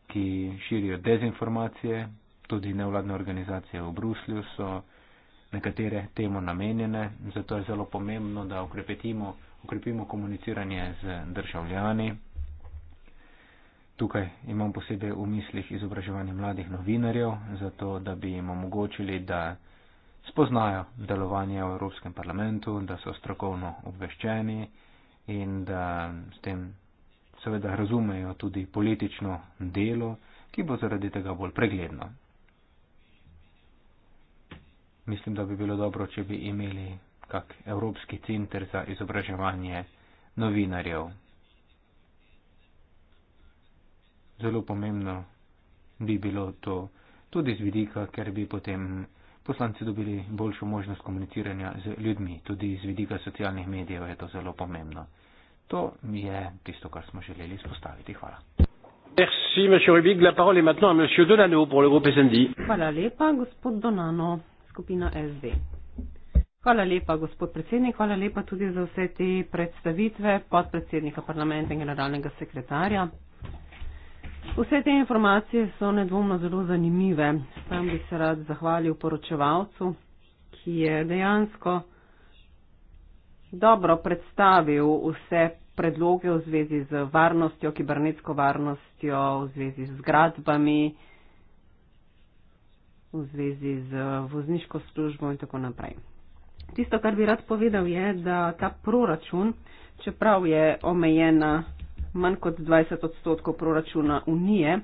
ki širijo dezinformacije, tudi nevladne organizacije v Bruslju so nekatere temu namenjene, zato je zelo pomembno, da ukrepimo komuniciranje z državljani. Tukaj imam posebej v mislih izobraževanje mladih novinarjev, zato da bi jim omogočili, da spoznajo delovanje v Evropskem parlamentu, da so strokovno obveščeni in da s tem seveda razumejo tudi politično delo, ki bo zaradi tega bolj pregledno. Mislim, da bi bilo dobro, če bi imeli kak Evropski centr za izobraževanje novinarjev. zelo pomembno bi bilo to tudi z vidika, ker bi potem poslanci dobili boljšo možnost komuniciranja z ljudmi. Tudi z vidika socialnih medijev je to zelo pomembno. To je tisto, kar smo želeli izpostaviti. Hvala. Merci, Rubik. La parole est maintenant à Monsieur Donano pour le groupe SND. Hvala lepa, gospod Donano, skupina SD. Hvala lepa, gospod predsednik, hvala lepa tudi za vse te predstavitve podpredsednika parlamenta in generalnega sekretarja. Vse te informacije so nedvomno zelo zanimive. Sam bi se rad zahvalil poročevalcu, ki je dejansko dobro predstavil vse predloge v zvezi z varnostjo, kibernetsko varnostjo, v zvezi z zgradbami, v zvezi z vozniško službo in tako naprej. Tisto, kar bi rad povedal, je, da ta proračun, čeprav je omejena manj kot 20 odstotkov proračuna Unije,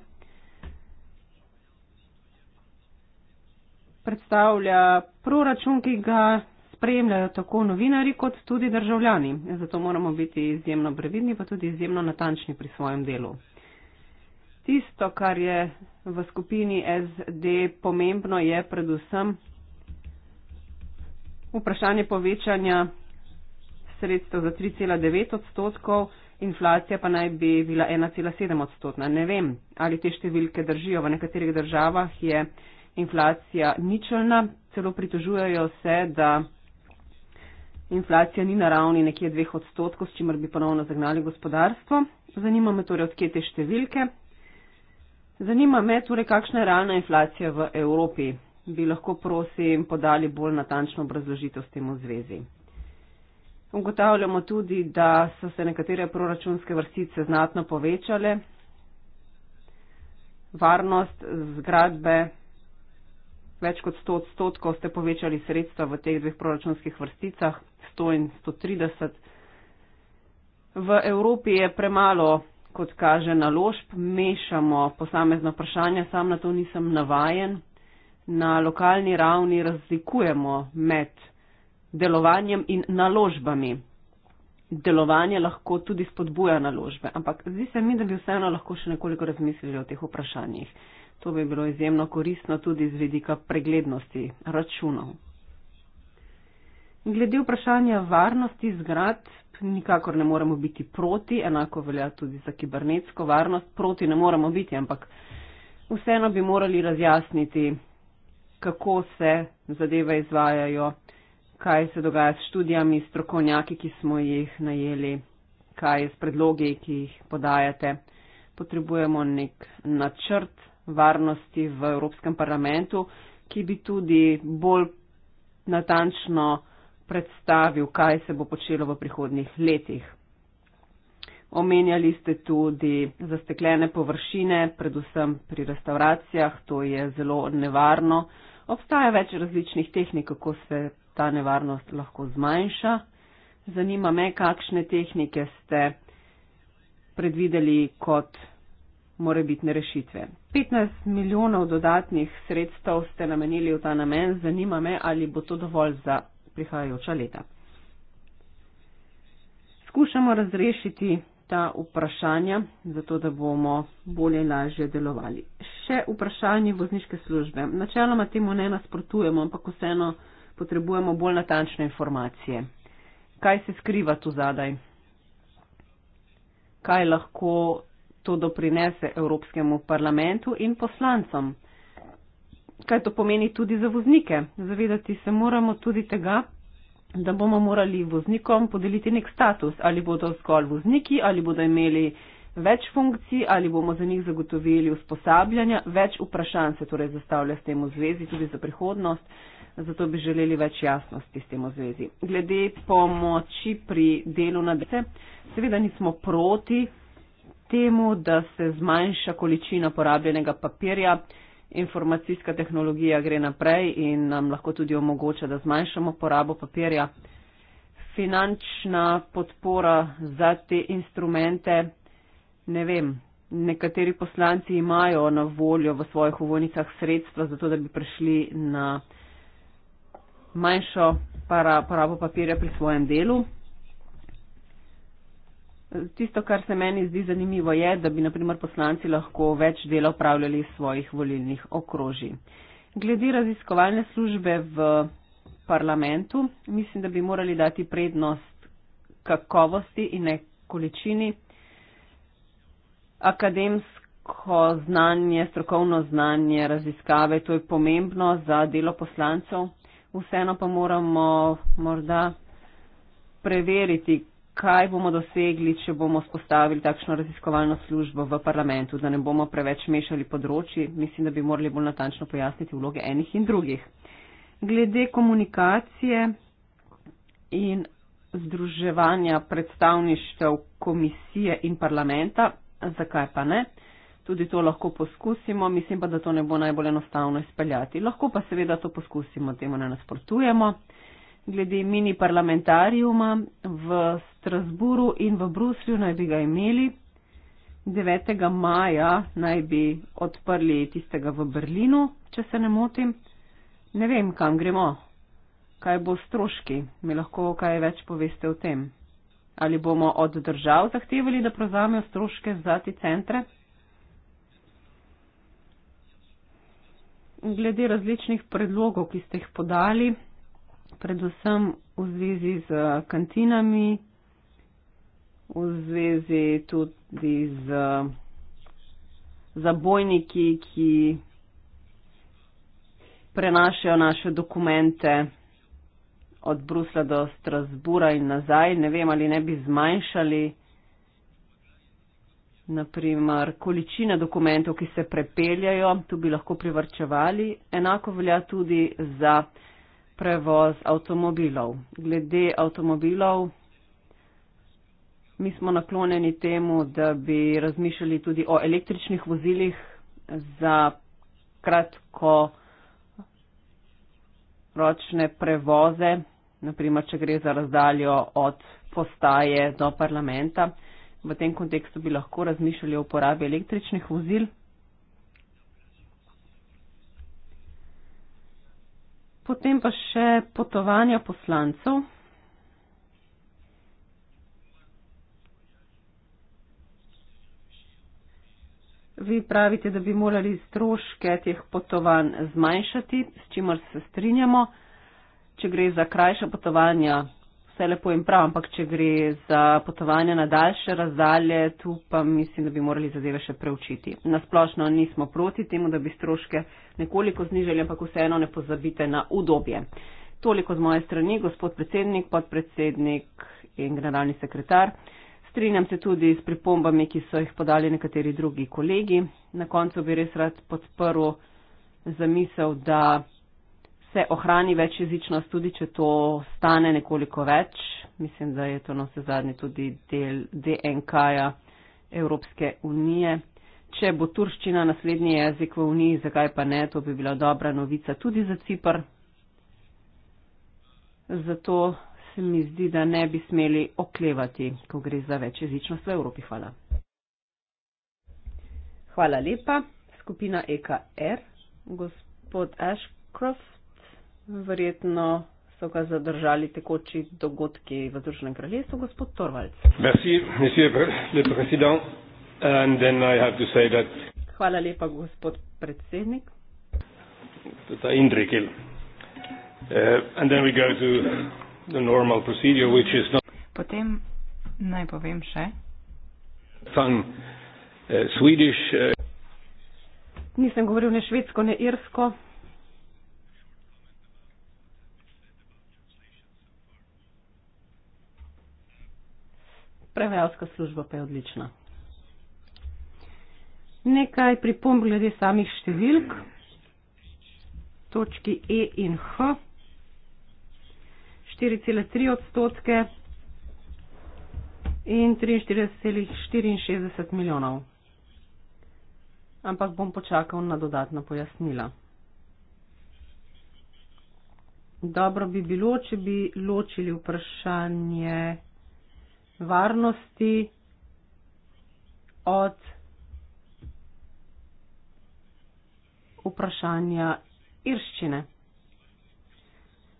predstavlja proračun, ki ga spremljajo tako novinari kot tudi državljani. Zato moramo biti izjemno previdni, pa tudi izjemno natančni pri svojem delu. Tisto, kar je v skupini SD pomembno, je predvsem vprašanje povečanja sredstev za 3,9 odstotkov inflacija pa naj bi bila 1,7 odstotna. Ne vem, ali te številke držijo. V nekaterih državah je inflacija ničelna, celo pritožujejo se, da inflacija ni na ravni nekje 2 odstotkov, s čimer bi ponovno zagnali gospodarstvo. Zanima me torej, odkje te številke. Zanima me torej, kakšna je realna inflacija v Evropi. Bi lahko prosim podali bolj natančno obrazložitev s tem v zvezi. Ugotavljamo tudi, da so se nekatere proračunske vrstice znatno povečale. Varnost zgradbe, več kot 100 odstotkov ste povečali sredstva v teh dveh proračunskih vrsticah, 100 in 130. V Evropi je premalo, kot kaže naložb, mešamo posamezna vprašanja, sam na to nisem navajen. Na lokalni ravni razlikujemo med delovanjem in naložbami. Delovanje lahko tudi spodbuja naložbe, ampak zdi se mi, da bi vseeno lahko še nekoliko razmislili o teh vprašanjih. To bi bilo izjemno koristno tudi z vidika preglednosti računov. Glede vprašanja varnosti zgrad, nikakor ne moremo biti proti, enako velja tudi za kibernetsko varnost, proti ne moremo biti, ampak vseeno bi morali razjasniti, kako se zadeve izvajajo kaj se dogaja s študijami, strokovnjaki, ki smo jih najeli, kaj je s predlogi, ki jih podajate. Potrebujemo nek načrt varnosti v Evropskem parlamentu, ki bi tudi bolj natančno predstavil, kaj se bo počelo v prihodnih letih. Omenjali ste tudi zasteklene površine, predvsem pri restauracijah, to je zelo nevarno. Obstaja več različnih tehnik, kako se ta nevarnost lahko zmanjša. Zanima me, kakšne tehnike ste predvideli kot more bitne rešitve. 15 milijonov dodatnih sredstev ste namenili v ta namen. Zanima me, ali bo to dovolj za prihajajoča leta. Skušamo razrešiti ta vprašanja, zato da bomo bolje in lažje delovali. Še vprašanje vozniške službe. Načeloma temu ne nasprotujemo, ampak vseeno potrebujemo bolj natančne informacije. Kaj se skriva tu zadaj? Kaj lahko to doprinese Evropskemu parlamentu in poslancom? Kaj to pomeni tudi za voznike? Zavedati se moramo tudi tega, da bomo morali voznikom podeliti nek status, ali bodo zgolj vozniki, ali bodo imeli več funkcij, ali bomo za njih zagotovili usposabljanja. Več vprašanj se torej zastavlja s tem v zvezi tudi za prihodnost zato bi želeli več jasnosti s tem v zvezi. Glede pomoči pri delu na dece, seveda nismo proti temu, da se zmanjša količina porabljenega papirja. Informacijska tehnologija gre naprej in nam lahko tudi omogoča, da zmanjšamo porabo papirja. Finančna podpora za te instrumente, ne vem, nekateri poslanci imajo na voljo v svojih uvojnicah sredstva, zato da bi prišli na manjšo porabo papirja pri svojem delu. Tisto, kar se meni zdi zanimivo, je, da bi naprimer poslanci lahko več dela upravljali iz svojih volilnih okrožij. Glede raziskovalne službe v parlamentu, mislim, da bi morali dati prednost kakovosti in ne količini. Akademsko znanje, strokovno znanje, raziskave, to je pomembno za delo poslancev vseeno pa moramo morda preveriti, kaj bomo dosegli, če bomo spostavili takšno raziskovalno službo v parlamentu, da ne bomo preveč mešali področji. Mislim, da bi morali bolj natančno pojasniti vloge enih in drugih. Glede komunikacije in združevanja predstavništev komisije in parlamenta, zakaj pa ne? tudi to lahko poskusimo, mislim pa, da to ne bo najbolj enostavno izpeljati. Lahko pa seveda to poskusimo, temu ne nasprotujemo. Glede mini parlamentarijuma v Strasburu in v Bruslju naj bi ga imeli. 9. maja naj bi odprli tistega v Berlinu, če se ne motim. Ne vem, kam gremo, kaj bo stroški, mi lahko kaj več poveste o tem. Ali bomo od držav zahtevali, da prevzamejo stroške za ti centre? glede različnih predlogov, ki ste jih podali, predvsem v zvezi z kantinami, v zvezi tudi z zabojniki, ki prenašajo naše dokumente od Brusla do Strasbura in nazaj. Ne vem, ali ne bi zmanjšali naprimer količina dokumentov, ki se prepeljajo, tu bi lahko privrčevali. Enako velja tudi za prevoz avtomobilov. Glede avtomobilov, mi smo naklonjeni temu, da bi razmišljali tudi o električnih vozilih za kratko ročne prevoze, naprimer, če gre za razdaljo od postaje do parlamenta v tem kontekstu bi lahko razmišljali o uporabi električnih vozil. Potem pa še potovanja poslancev. Vi pravite, da bi morali stroške teh potovanj zmanjšati, s čimer se strinjamo. Če gre za krajša potovanja, vse lepo in prav, ampak če gre za potovanja na daljše razdalje, tu pa mislim, da bi morali zadeve še preučiti. Nasplošno nismo proti temu, da bi stroške nekoliko znižali, ampak vseeno ne pozabite na udobje. Toliko z moje strani, gospod predsednik, podpredsednik in generalni sekretar. Strinjam se tudi s pripombami, ki so jih podali nekateri drugi kolegi. Na koncu bi res rad podprl zamisel, da se ohrani večjezičnost, tudi če to stane nekoliko več. Mislim, da je to na vse zadnje tudi del DNK-ja Evropske unije. Če bo turščina naslednji jezik v Uniji, zakaj pa ne, to bi bila dobra novica tudi za Cipr. Zato se mi zdi, da ne bi smeli oklevati, ko gre za večjezičnost v Evropi. Hvala. Hvala lepa. Skupina EKR. Gospod Ashcroft verjetno so ga zadržali tekoči dogodki v Združenem kraljestvu, gospod Torvalc. Hvala lepa, gospod predsednik. Eh, the normal procedure, which is not Potem naj povem še. Fun, uh, eh, Swedish, uh, Nisem govoril ne švedsko, ne irsko. Prevajalska služba pa je odlična. Nekaj pripomb glede samih številk. Točki E in H. 4,3 odstotke in 43,64 milijonov. Ampak bom počakal na dodatna pojasnila. Dobro bi bilo, če bi ločili vprašanje varnosti od vprašanja irščine.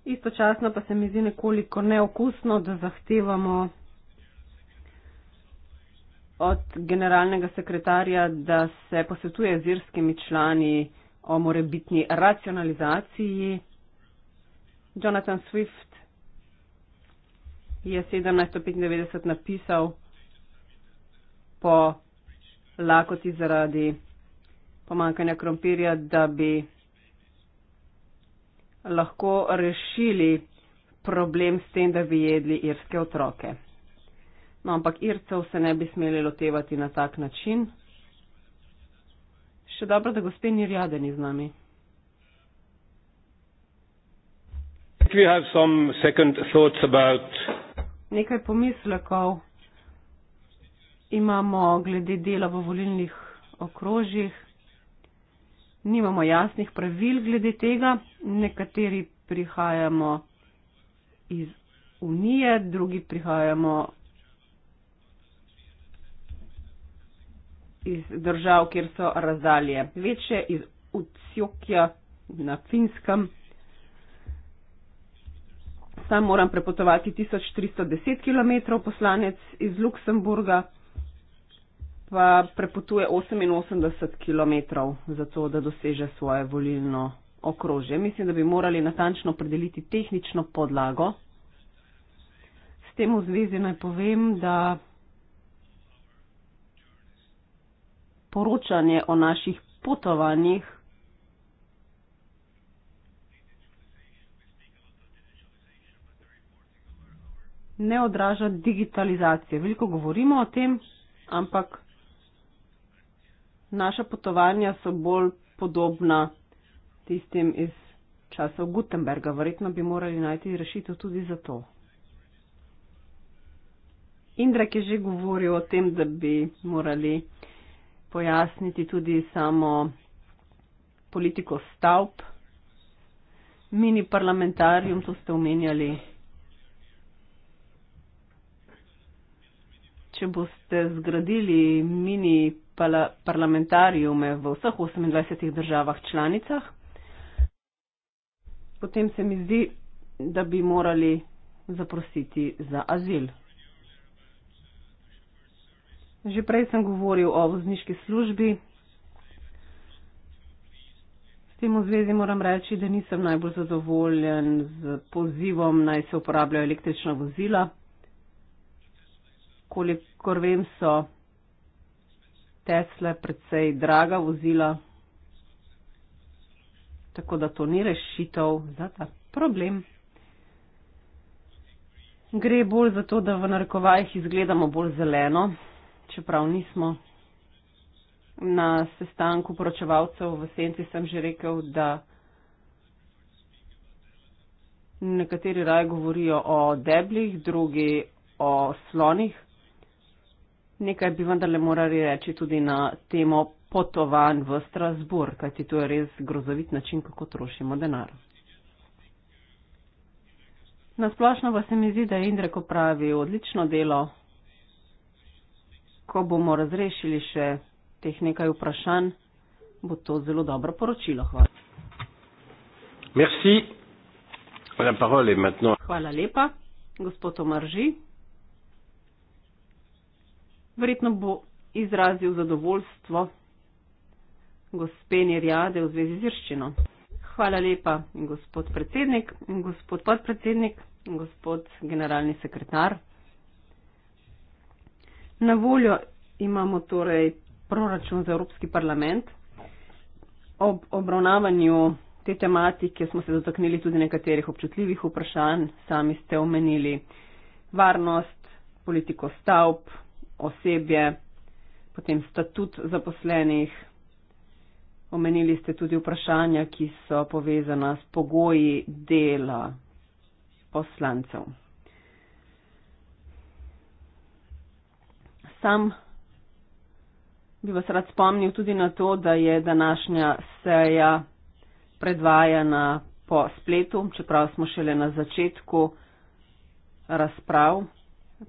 Istočasno pa se mi zdi nekoliko neokusno, da zahtevamo od generalnega sekretarja, da se posvetuje z irskimi člani o morebitni racionalizaciji. Jonathan Swift je 1795 napisal po lakoti zaradi pomankanja krompirja, da bi lahko rešili problem s tem, da bi jedli irske otroke. No, ampak ircev se ne bi smeli lotevati na tak način. Še dobro, da gospe ni rjadeni z nami. We have some second thoughts about nekaj pomislekov imamo glede dela v volilnih okrožjih. Nimamo jasnih pravil glede tega. Nekateri prihajamo iz Unije, drugi prihajamo iz držav, kjer so razdalje večje, iz Ucjokja na Finskem tam moram prepotovati 1310 km, poslanec iz Luksemburga pa prepotuje 88 km, zato da doseže svoje volilno okrožje. Mislim, da bi morali natančno predeliti tehnično podlago. S tem v zvezi naj povem, da poročanje o naših potovanjih ne odraža digitalizacije. Veliko govorimo o tem, ampak naša potovanja so bolj podobna tistim iz časa Gutenberga. Verjetno bi morali najti rešitev tudi za to. Indrek je že govoril o tem, da bi morali pojasniti tudi samo politiko stavb, mini parlamentarjem, to ste omenjali. če boste zgradili mini parlamentarijume v vseh 28 državah članicah, potem se mi zdi, da bi morali zaprositi za azil. Že prej sem govoril o vozniški službi. S tem v zvezi moram reči, da nisem najbolj zadovoljen z pozivom naj se uporabljajo električna vozila kolikor vem, so Tesla precej draga vozila, tako da to ni rešitev za ta problem. Gre bolj za to, da v narekovajih izgledamo bolj zeleno, čeprav nismo. Na sestanku poročevalcev v Senci sem že rekel, da nekateri raje govorijo o deblih, drugi o slonih. Nekaj bi vendarle morali reči tudi na temo potovanj v Strasbourg, kajti to je res grozovit način, kako trošimo denar. Nasplošno pa se mi zdi, da je Indrek opravil odlično delo, ko bomo razrešili še teh nekaj vprašanj, bo to zelo dobro poročilo. Hvala. Merci. Hvala lepa, gospod Omarži. Verjetno bo izrazil zadovoljstvo gospeni Rjade v zvezi z irščino. Hvala lepa, gospod predsednik, gospod podpredsednik, gospod generalni sekretar. Na voljo imamo torej proračun za Evropski parlament. Ob obravnavanju te tematike smo se dotaknili tudi nekaterih občutljivih vprašanj. Sami ste omenili varnost, politiko stavb, osebje, potem statut zaposlenih. Omenili ste tudi vprašanja, ki so povezana s pogoji dela poslancev. Sam bi vas rad spomnil tudi na to, da je današnja seja predvajana po spletu, čeprav smo šele na začetku razprav.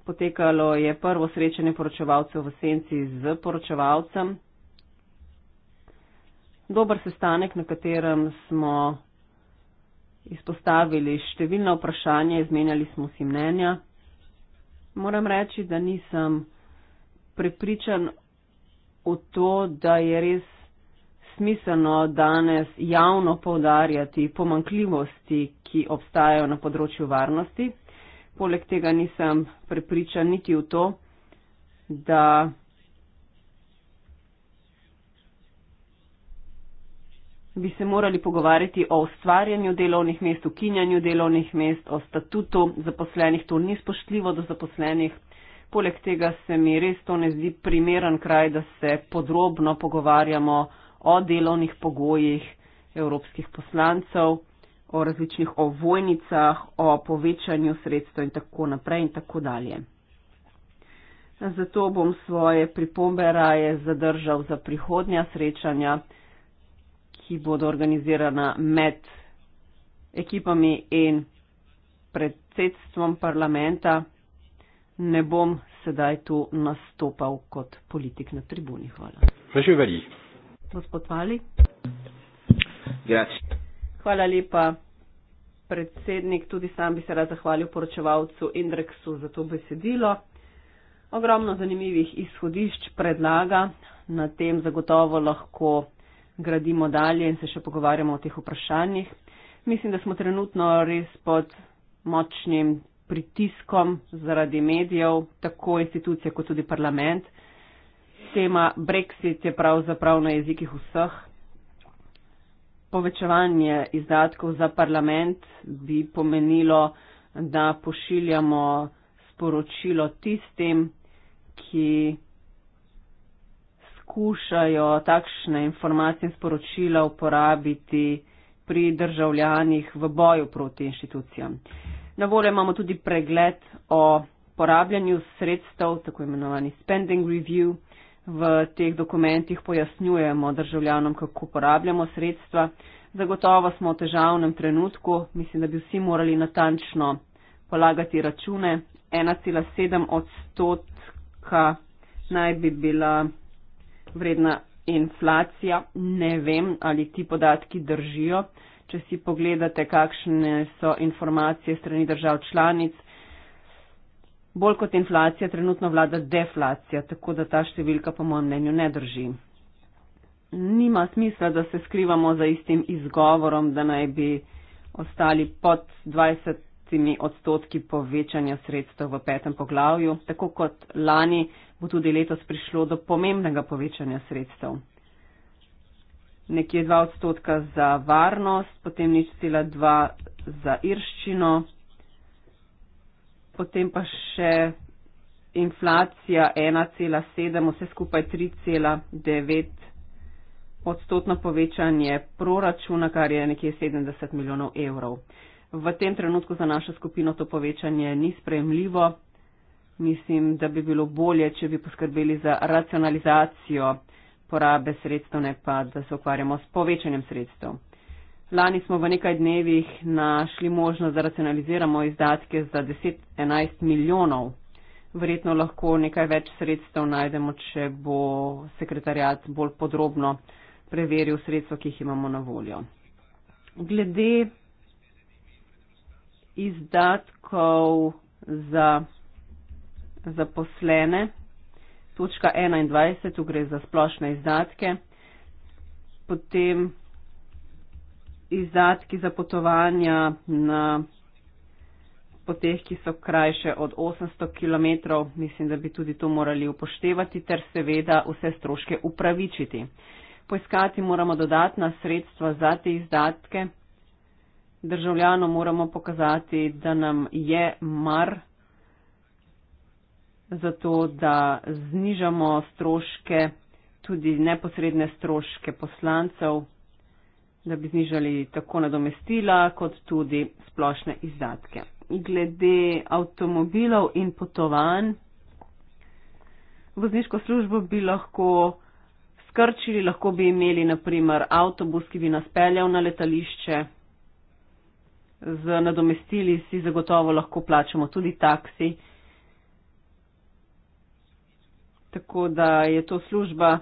Potekalo je prvo srečanje poročevalcev v senci z poročevalcem. Dober sestanek, na katerem smo izpostavili številna vprašanja, izmenjali smo si mnenja. Moram reči, da nisem prepričan v to, da je res smiselno danes javno povdarjati pomankljivosti, ki obstajajo na področju varnosti. Poleg tega nisem prepričan niti v to, da bi se morali pogovarjati o ustvarjanju delovnih mest, ukinjanju delovnih mest, o statutu zaposlenih. To ni spoštljivo do zaposlenih. Poleg tega se mi res to ne zdi primeren kraj, da se podrobno pogovarjamo o delovnih pogojih evropskih poslancev o različnih ovojnicah, o povečanju sredstev in tako naprej in tako dalje. Zato bom svoje pripombe raje zadržal za prihodnja srečanja, ki bodo organizirana med ekipami in predsedstvom parlamenta. Ne bom sedaj tu nastopal kot politik na tribuni. Hvala. Gospod Vali. Grazie. Hvala lepa, predsednik. Tudi sam bi se rad zahvalil poročevalcu Indreksu za to besedilo. Ogromno zanimivih izhodišč predlaga, na tem zagotovo lahko gradimo dalje in se še pogovarjamo o teh vprašanjih. Mislim, da smo trenutno res pod močnim pritiskom zaradi medijev, tako institucije kot tudi parlament. Tema Brexit je pravzaprav na jezikih vseh, Povečevanje izdatkov za parlament bi pomenilo, da pošiljamo sporočilo tistim, ki skušajo takšne informacije in sporočila uporabiti pri državljanih v boju proti inštitucijam. Na voljo imamo tudi pregled o porabljanju sredstev, tako imenovani spending review v teh dokumentih pojasnjujemo državljanom, kako uporabljamo sredstva. Zagotovo smo v težavnem trenutku, mislim, da bi vsi morali natančno polagati račune. 1,7 odstotka naj bi bila vredna inflacija. Ne vem, ali ti podatki držijo. Če si pogledate, kakšne so informacije strani držav članic, bolj kot inflacija trenutno vlada deflacija, tako da ta številka po mojem mnenju ne drži. Nima smisla, da se skrivamo za istim izgovorom, da naj bi ostali pod 20 odstotki povečanja sredstev v petem poglavju. Tako kot lani bo tudi letos prišlo do pomembnega povečanja sredstev. Nekje 2 odstotka za varnost, potem nič cela 2 za irščino, potem pa še inflacija 1,7, vse skupaj 3,9 odstotno povečanje proračuna, kar je nekje 70 milijonov evrov. V tem trenutku za našo skupino to povečanje ni sprejemljivo. Mislim, da bi bilo bolje, če bi poskrbeli za racionalizacijo porabe sredstev, ne pa da se ukvarjamo s povečanjem sredstev. Lani smo v nekaj dnevih našli možnost, da racionaliziramo izdatke za 10-11 milijonov. Verjetno lahko nekaj več sredstev najdemo, če bo sekretarjat bolj podrobno preveril sredstva, ki jih imamo na voljo. Glede izdatkov za zaposlene, točka 21, tu gre za splošne izdatke, potem izdatki za potovanja na poteh, ki so krajše od 800 km, mislim, da bi tudi to morali upoštevati, ter seveda vse stroške upravičiti. Poiskati moramo dodatna sredstva za te izdatke. Državljano moramo pokazati, da nam je mar za to, da znižamo stroške, tudi neposredne stroške poslancev, da bi znižali tako nadomestila kot tudi splošne izdatke. Glede avtomobilov in potovanj, vozniško službo bi lahko skrčili, lahko bi imeli naprimer avtobus, ki bi nas peljal na letališče. Z nadomestili si zagotovo lahko plačamo tudi taksi. Tako da je to služba,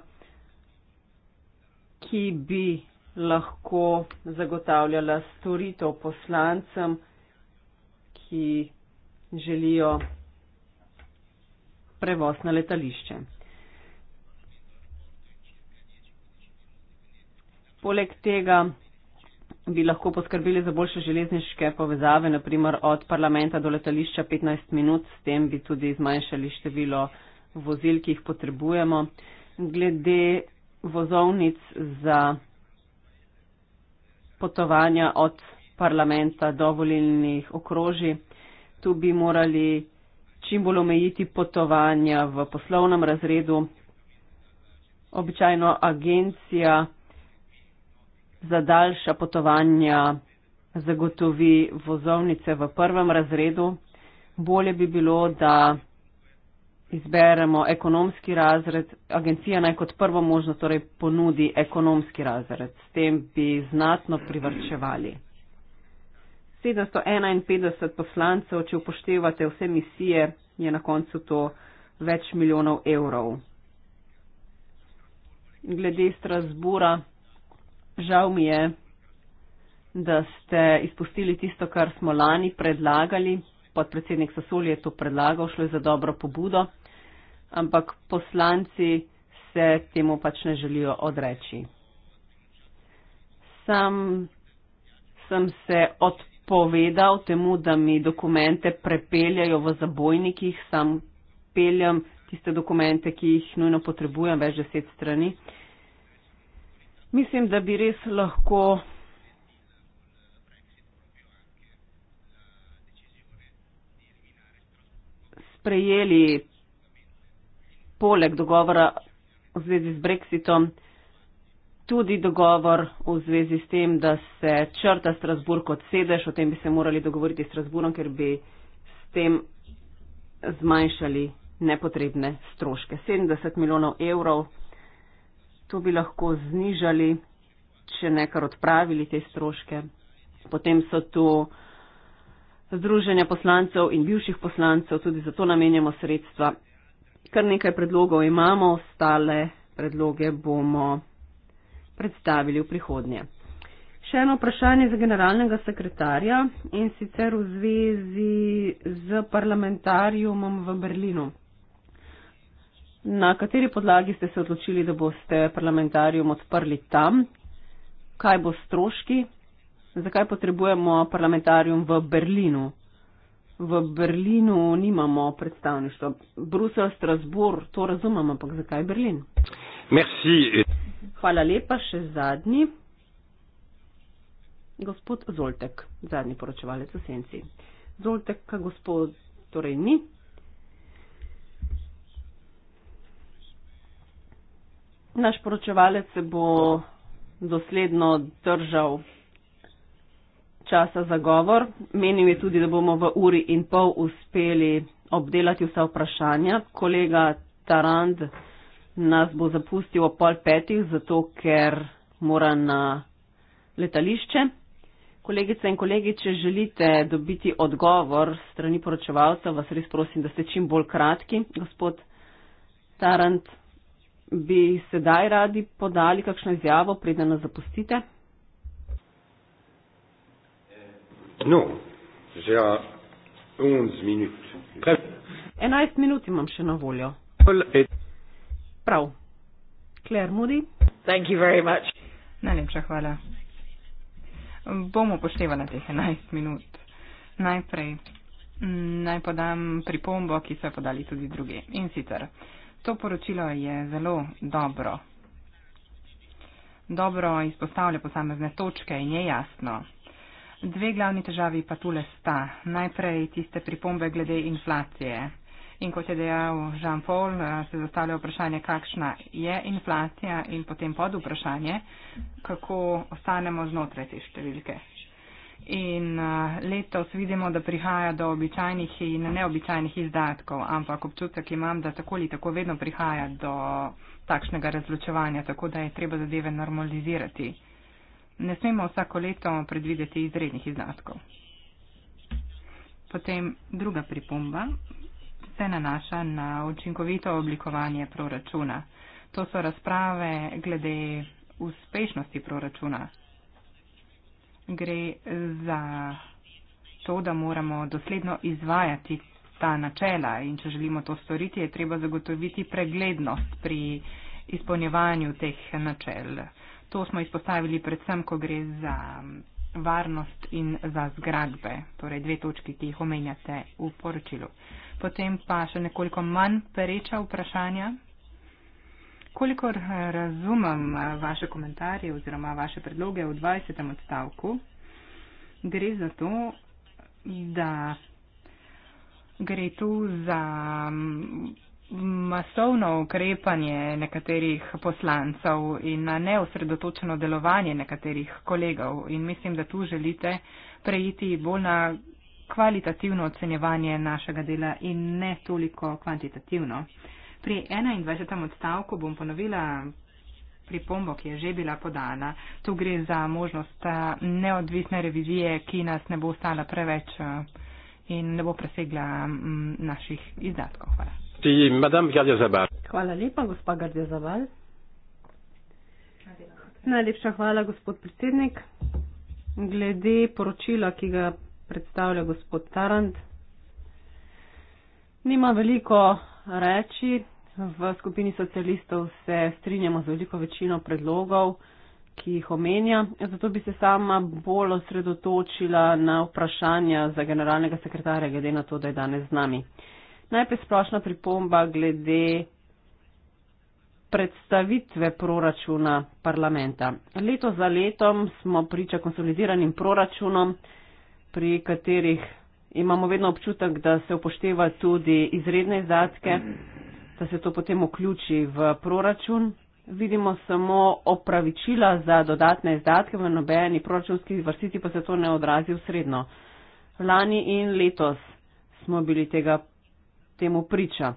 ki bi lahko zagotavljala storitev poslancem, ki želijo prevoz na letališče. Poleg tega bi lahko poskrbeli za boljše železniške povezave, naprimer od parlamenta do letališča 15 minut, s tem bi tudi zmanjšali število vozil, ki jih potrebujemo. Glede vozovnic za potovanja od parlamenta do volilnih okroži. Tu bi morali čim bolj omejiti potovanja v poslovnem razredu. Običajno agencija za daljša potovanja zagotovi vozovnice v prvem razredu. Bolje bi bilo, da izberemo ekonomski razred, agencija naj kot prvo možno torej ponudi ekonomski razred. S tem bi znatno privrčevali. 751 poslancev, če upoštevate vse misije, je na koncu to več milijonov evrov. Glede Strasbura, žal mi je, da ste izpustili tisto, kar smo lani predlagali, podpredsednik Sasoli je to predlagal, šlo je za dobro pobudo, ampak poslanci se temu pač ne želijo odreči. Sam sem se odpovedal temu, da mi dokumente prepeljajo v zabojnikih, sam peljem tiste dokumente, ki jih nujno potrebujem, več deset strani. Mislim, da bi res lahko sprejeli poleg dogovora v zvezi z Brexitom tudi dogovor v zvezi s tem, da se črta Strasburg kot sedež. O tem bi se morali dogovoriti s Strasburgom, ker bi s tem zmanjšali nepotrebne stroške. 70 milijonov evrov. To bi lahko znižali, če nekar odpravili te stroške. Potem so tu. Združenja poslancev in bivših poslancev, tudi zato namenjamo sredstva. Kar nekaj predlogov imamo, ostale predloge bomo predstavili v prihodnje. Še eno vprašanje za generalnega sekretarja in sicer v zvezi z parlamentarjumom v Berlinu. Na kateri podlagi ste se odločili, da boste parlamentarjum odprli tam? Kaj bo stroški zakaj potrebujemo parlamentarjum v Berlinu. V Berlinu nimamo predstavništva. Brusel, Strasbourg, to razumemo, ampak zakaj Berlin? Merci. Hvala lepa, še zadnji. Gospod Zoltek, zadnji poročevalec v senci. Zoltek, ka gospod torej ni. Naš poročevalec se bo dosledno držal časa za govor. Menil je tudi, da bomo v uri in pol uspeli obdelati vsa vprašanja. Kolega Tarand nas bo zapustil o pol petih, zato ker mora na letališče. Kolegice in kolegi, če želite dobiti odgovor strani poročevalca, vas res prosim, da ste čim bolj kratki. Gospod Tarant, bi sedaj radi podali kakšno izjavo, preden nas zapustite? Non, j'ai 11 minutes. Prêt. 11 minutes, imam še na voljo. Prav. Claire Moody. Thank you very much. Najlepša hvala. Bomo poštevali teh 11 minut. Najprej mm, naj podam pripombo, ki so jo podali tudi drugi. In sicer, to poročilo je zelo dobro. Dobro izpostavlja posamezne točke in je jasno. Dve glavni težavi pa tule sta. Najprej tiste pripombe glede inflacije. In kot je dejal Jean-Paul, eh, se zastavlja vprašanje, kakšna je inflacija in potem pod vprašanje, kako ostanemo znotraj te številke. In eh, letos vidimo, da prihaja do običajnih in neobičajnih izdatkov, ampak občutek imam, da tako ali tako vedno prihaja do takšnega razločevanja, tako da je treba zadeve normalizirati ne smemo vsako leto predvideti izrednih izdatkov. Potem druga pripomba se nanaša na učinkovito oblikovanje proračuna. To so razprave glede uspešnosti proračuna. Gre za to, da moramo dosledno izvajati ta načela in če želimo to storiti, je treba zagotoviti preglednost pri izpolnjevanju teh načel. To smo izpostavili predvsem, ko gre za varnost in za zgradbe, torej dve točki, ki jih omenjate v poročilu. Potem pa še nekoliko manj pereča vprašanja. Kolikor razumem vaše komentarje oziroma vaše predloge v 20. odstavku, gre za to, da gre tu za masovno ukrepanje nekaterih poslancev in na neosredotočeno delovanje nekaterih kolegov in mislim, da tu želite preiti bolj na kvalitativno ocenjevanje našega dela in ne toliko kvantitativno. Pri 21. odstavku bom ponovila pripombo, ki je že bila podana. Tu gre za možnost eh, neodvisne revizije, ki nas ne bo stala preveč eh, in ne bo presegla mm, naših izdatkov. Hvala. Ti, madame Gardia Zabal. Hvala lepa, gospa Gardia Zabal. Najlepša hvala, gospod predsednik. Glede poročila, ki ga predstavlja gospod Tarant, nima veliko reči. V skupini socialistov se strinjamo z veliko večino predlogov, ki jih omenja. Zato bi se sama bolj osredotočila na vprašanja za generalnega sekretarja, glede na to, da je danes z nami. Najprej splošna pripomba glede predstavitve proračuna parlamenta. Leto za letom smo priča konsolidiranim proračunom, pri katerih imamo vedno občutek, da se upošteva tudi izredne izdatke, da se to potem vključi v proračun. Vidimo samo opravičila za dodatne izdatke v nobeni proračunski vrstiti, pa se to ne odrazi v sredno. Lani in letos smo bili tega temu priča.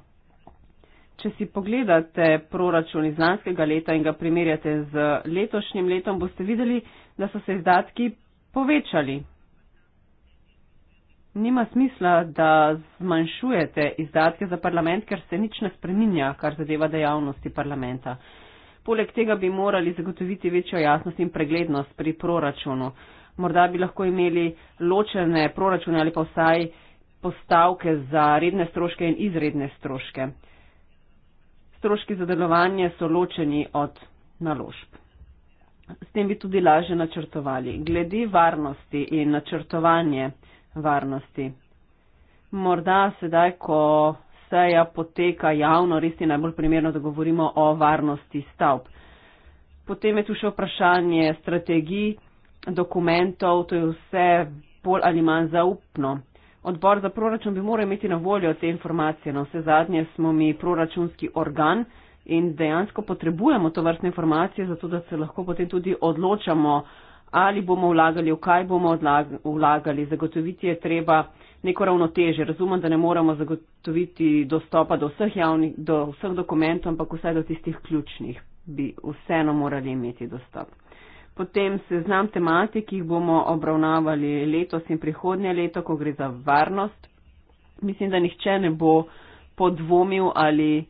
Če si pogledate proračun iz lanskega leta in ga primerjate z letošnjim letom, boste videli, da so se izdatki povečali. Nima smisla, da zmanjšujete izdatke za parlament, ker se nič ne spreminja, kar zadeva dejavnosti parlamenta. Poleg tega bi morali zagotoviti večjo jasnost in preglednost pri proračunu. Morda bi lahko imeli ločene proračune ali pa vsaj postavke za redne stroške in izredne stroške. Stroški za delovanje so ločeni od naložb. S tem bi tudi laže načrtovali. Glede varnosti in načrtovanje varnosti. Morda sedaj, ko seja poteka javno, res je najbolj primerno, da govorimo o varnosti stavb. Potem je tu še vprašanje strategij, dokumentov, to je vse bolj ali manj zaupno. Odbor za proračun bi moral imeti na voljo te informacije. Na no, vse zadnje smo mi proračunski organ in dejansko potrebujemo to vrstne informacije, zato da se lahko potem tudi odločamo, ali bomo vlagali, v kaj bomo vlagali. Zagotoviti je treba neko ravnoteže. Razumem, da ne moramo zagotoviti dostopa do vseh, javni, do vseh dokumentov, ampak vsaj do tistih ključnih bi vseeno morali imeti dostop. Potem seznam tematik, ki jih bomo obravnavali letos in prihodnje leto, ko gre za varnost. Mislim, da nihče ne bo podvomil ali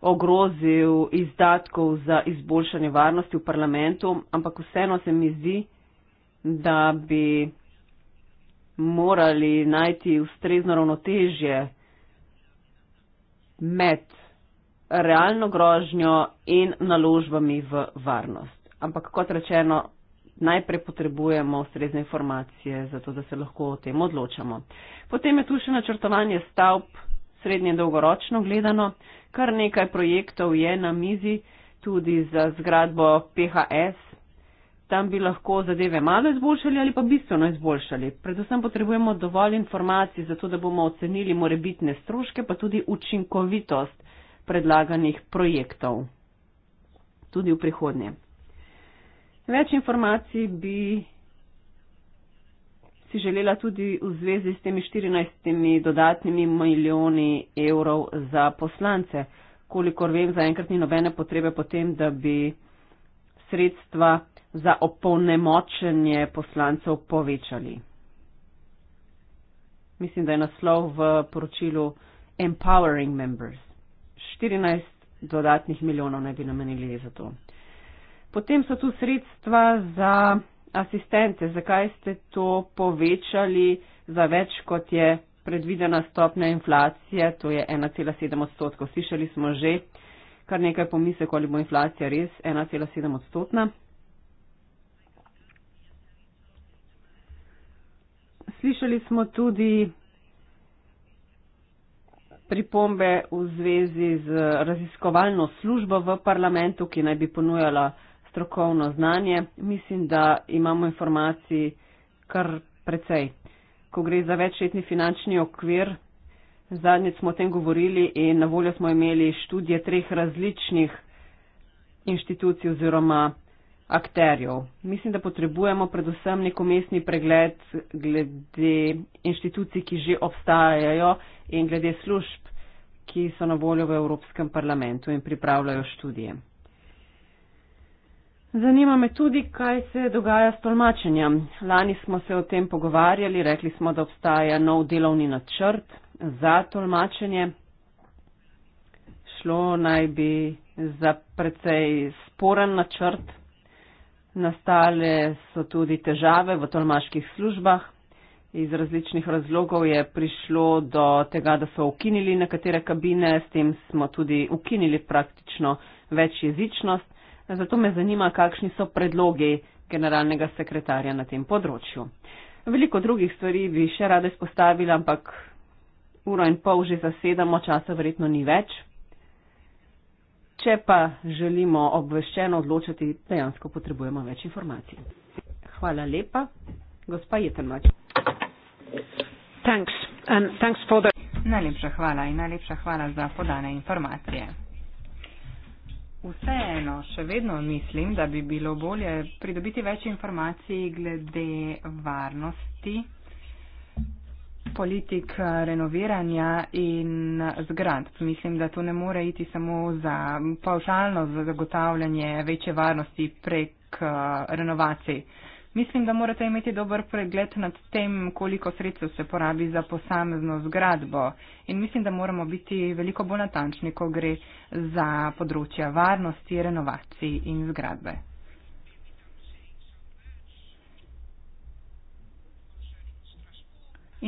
ogrozil izdatkov za izboljšanje varnosti v parlamentu, ampak vseeno se mi zdi, da bi morali najti ustrezno ravnotežje med realno grožnjo in naložbami v varnost ampak kot rečeno, najprej potrebujemo ustrezne informacije, zato da se lahko o tem odločamo. Potem je tu še načrtovanje stavb, srednje dolgoročno gledano, kar nekaj projektov je na mizi tudi za zgradbo PHS. Tam bi lahko zadeve malo izboljšali ali pa bistveno izboljšali. Predvsem potrebujemo dovolj informacij za to, da bomo ocenili morebitne stroške, pa tudi učinkovitost predlaganih projektov. Tudi v prihodnje. Več informacij bi si želela tudi v zvezi s temi 14 dodatnimi milijoni evrov za poslance. Kolikor vem, zaenkrat ni nobene potrebe potem, da bi sredstva za opolnemočenje poslancev povečali. Mislim, da je naslov v poročilu Empowering Members. 14 dodatnih milijonov naj bi namenili za to. Potem so tu sredstva za asistente. Zakaj ste to povečali za več, kot je predvidena stopnja inflacije? To je 1,7 odstotkov. Slišali smo že kar nekaj pomisek, ali bo inflacija res 1,7 odstotna. Slišali smo tudi pripombe v zvezi z raziskovalno službo v parlamentu, ki naj bi ponujala strokovno znanje. Mislim, da imamo informacij kar precej. Ko gre za večletni finančni okvir, zadnjič smo o tem govorili in na voljo smo imeli študije treh različnih inštitucij oziroma akterjev. Mislim, da potrebujemo predvsem neko mestni pregled glede inštitucij, ki že obstajajo in glede služb, ki so na voljo v Evropskem parlamentu in pripravljajo študije. Zanima me tudi, kaj se dogaja s tolmačenjem. Lani smo se o tem pogovarjali, rekli smo, da obstaja nov delovni načrt za tolmačenje. Šlo naj bi za precej sporen načrt. Nastale so tudi težave v tolmaških službah. Iz različnih razlogov je prišlo do tega, da so ukinili nekatere kabine, s tem smo tudi ukinili praktično večjezičnost. Zato me zanima, kakšni so predlogi generalnega sekretarja na tem področju. Veliko drugih stvari bi še rada izpostavila, ampak uro in pol že zasedamo, časa verjetno ni več. Če pa želimo obveščeno odločiti, dejansko potrebujemo več informacij. Hvala lepa. Gospa Jetrmač. Najlepša hvala in najlepša hvala za podane informacije. Vseeno, še vedno mislim, da bi bilo bolje pridobiti več informacij glede varnosti, politik eh, renoviranja in zgrad. Mislim, da to ne more iti samo za pavšalno zagotavljanje večje varnosti prek eh, renovacij. Mislim, da morate imeti dober pregled nad tem, koliko sredstev se porabi za posamezno zgradbo in mislim, da moramo biti veliko bolj natančni, ko gre za področja varnosti, renovacij in zgradbe.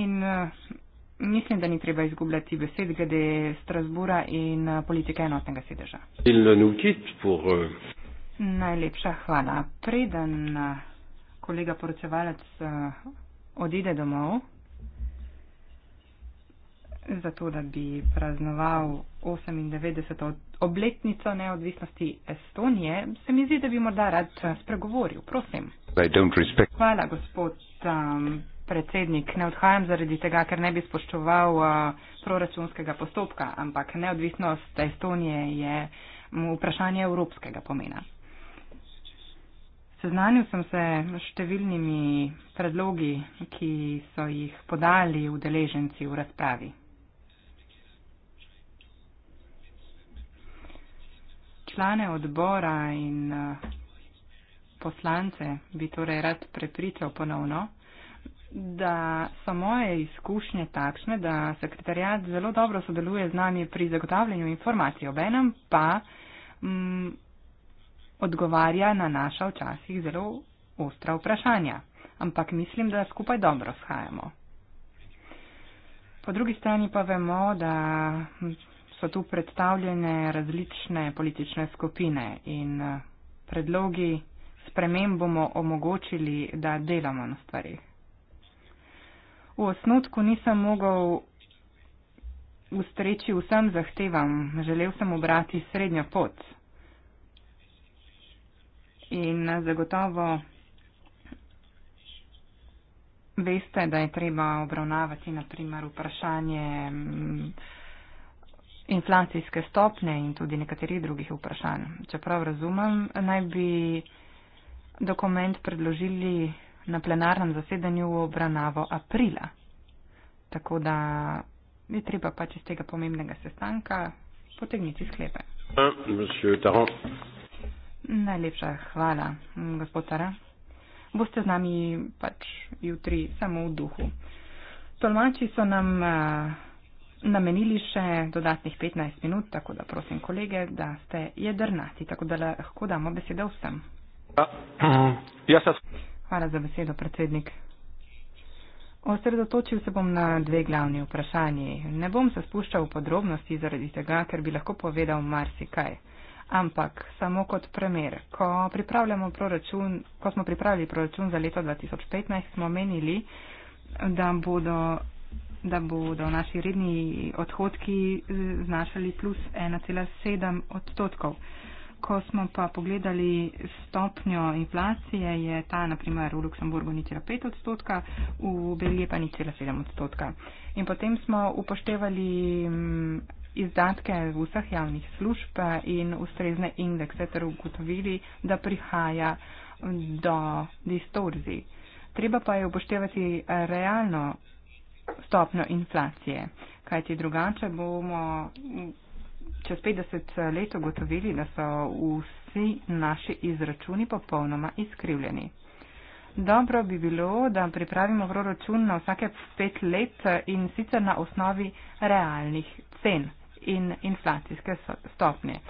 In eh, mislim, da ni treba izgubljati besed glede Strasbura in eh, politike enotnega sedeža. Euh, Najlepša hvala. Preden eh, kolega poročevalec eh, odide domov, zato da bi praznoval 98. obletnico neodvisnosti Estonije, se mi zdi, da bi morda rad eh, spregovoril. Prosim. Hvala, gospod um, predsednik. Ne odhajam zaradi tega, ker ne bi spoštoval uh, proračunskega postopka, ampak neodvisnost Estonije je um, vprašanje evropskega pomena. Seznanil sem se številnimi predlogi, ki so jih podali udeleženci v razpravi. Člane odbora in eh, poslance bi torej rad prepričal ponovno, da so moje izkušnje takšne, da sekretarjat zelo dobro sodeluje z nami pri zagotavljanju informacij, obenem pa. Mm, odgovarja na naša včasih zelo ostra vprašanja, ampak mislim, da skupaj dobro shajamo. Po drugi strani pa vemo, da so tu predstavljene različne politične skupine in eh, predlogi sprememb bomo omogočili, da delamo na stvarih. V osnutku nisem mogel ustreči vsem zahtevam, želel sem obrati srednjo pot in zagotovo veste, da je treba obravnavati naprimer vprašanje mm, inflacijske stopne in tudi nekaterih drugih vprašanj. Čeprav razumem, naj bi dokument predložili na plenarnem zasedanju v obravnavo aprila. Tako da je treba pač iz tega pomembnega sestanka potegniti sklepe. Monsieur Taran. Najlepša hvala, gospod Sara. Boste z nami pač jutri samo v duhu. Tolmači so nam a, eh, namenili še dodatnih 15 minut, tako da prosim kolege, da ste jedrnati, tako da lahko damo besedo vsem. Ja, ja, hvala za besedo, predsednik. Osredotočil se bom na dve glavni vprašanji. Ne bom se spuščal v podrobnosti zaradi tega, ker bi lahko povedal marsikaj ampak samo kot premer. Ko, ko smo pripravili proračun za leto 2015, smo menili, da bodo, da bodo naši redni odhodki eh, znašali plus 1,7 odstotkov. Ko smo pa pogledali stopnjo inflacije, je ta naprimer v Luksemburgu ni cela 5 odstotka, v Belgiji pa ni cela 7 odstotka. In potem smo upoštevali mm, izdatke vseh javnih služb in ustrezne indekse ter ugotovili, da prihaja do distorzi. Treba pa je upoštevati realno stopno inflacije, kajti drugače bomo čez 50 let ugotovili, da so vsi naši izračuni popolnoma izkrivljeni. Dobro bi bilo, da pripravimo proračun na vsake pet let in sicer na osnovi realnih cen in inflacijske stopnje.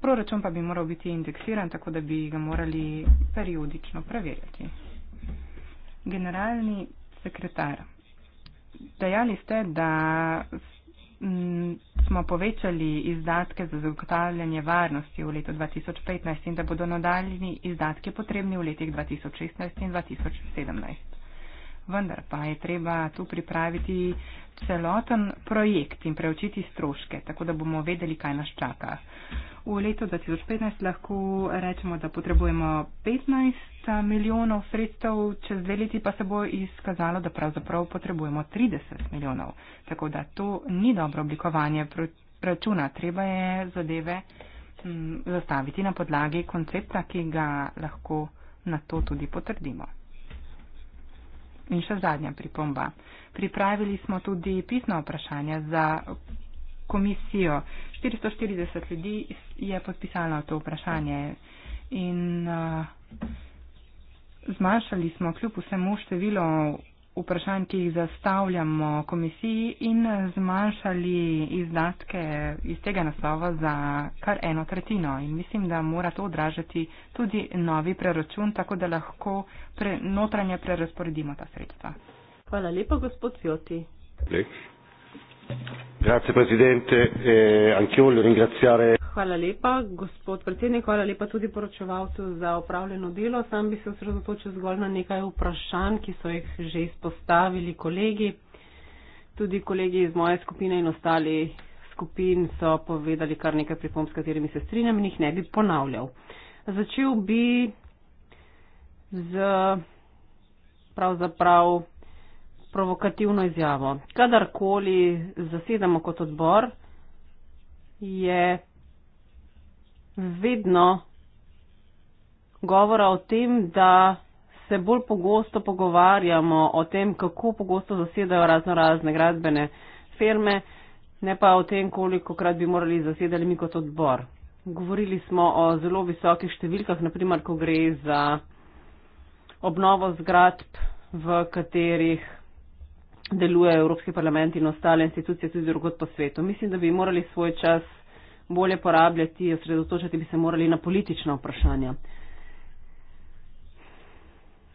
Proračun pa bi moral biti indeksiran, tako da bi ga morali periodično preverjati. Generalni sekretar, dejali ste, da smo povečali izdatke za zagotavljanje varnosti v letu 2015 in da bodo nadaljni izdatke potrebni v letih 2016 in 2017 vendar pa je treba tu pripraviti celoten projekt in preučiti stroške, tako da bomo vedeli, kaj nas čaka. V letu 2015 lahko rečemo, da potrebujemo 15 milijonov sredstev, čez dve leti pa se bo izkazalo, da pravzaprav potrebujemo 30 milijonov. Tako da to ni dobro oblikovanje računa, treba je zadeve mm, zastaviti na podlagi koncepta, ki ga lahko na to tudi potrdimo. In še zadnja pripomba. Pripravili smo tudi pisno vprašanje za komisijo. 440 ljudi je podpisalo to vprašanje in uh, zmanjšali smo kljub vsemu število vprašanj, ki jih zastavljamo komisiji in zmanjšali izdatke iz tega naslova za kar eno tretjino. In mislim, da mora to odražati tudi novi preračun, tako da lahko pre, notranje prerasporedimo ta sredstva. Hvala lepa, gospod Fjoti. Grazie Presidente, eh, anch'io voglio ringraziare. Hvala lepa, gospod predsednik, hvala lepa tudi poročevalcu za opravljeno delo. Sam bi se osredotočil zgolj na nekaj vprašanj, ki so jih že izpostavili kolegi. Tudi kolegi iz moje skupine in ostali skupin so povedali kar nekaj pripomb, s katerimi se strinjam in jih ne bi ponavljal. Začel bi z pravzaprav provokativno izjavo. Kadarkoli zasedamo kot odbor, je vedno govora o tem, da se bolj pogosto pogovarjamo o tem, kako pogosto zasedajo razno razne gradbene firme, ne pa o tem, koliko krat bi morali zasedali mi kot odbor. Govorili smo o zelo visokih številkah, naprimer, ko gre za obnovo zgradb, v katerih delujejo Evropski parlament in ostale institucije tudi drugot po svetu. Mislim, da bi morali svoj čas bolje porabljati, osredotočati bi se morali na politična vprašanja.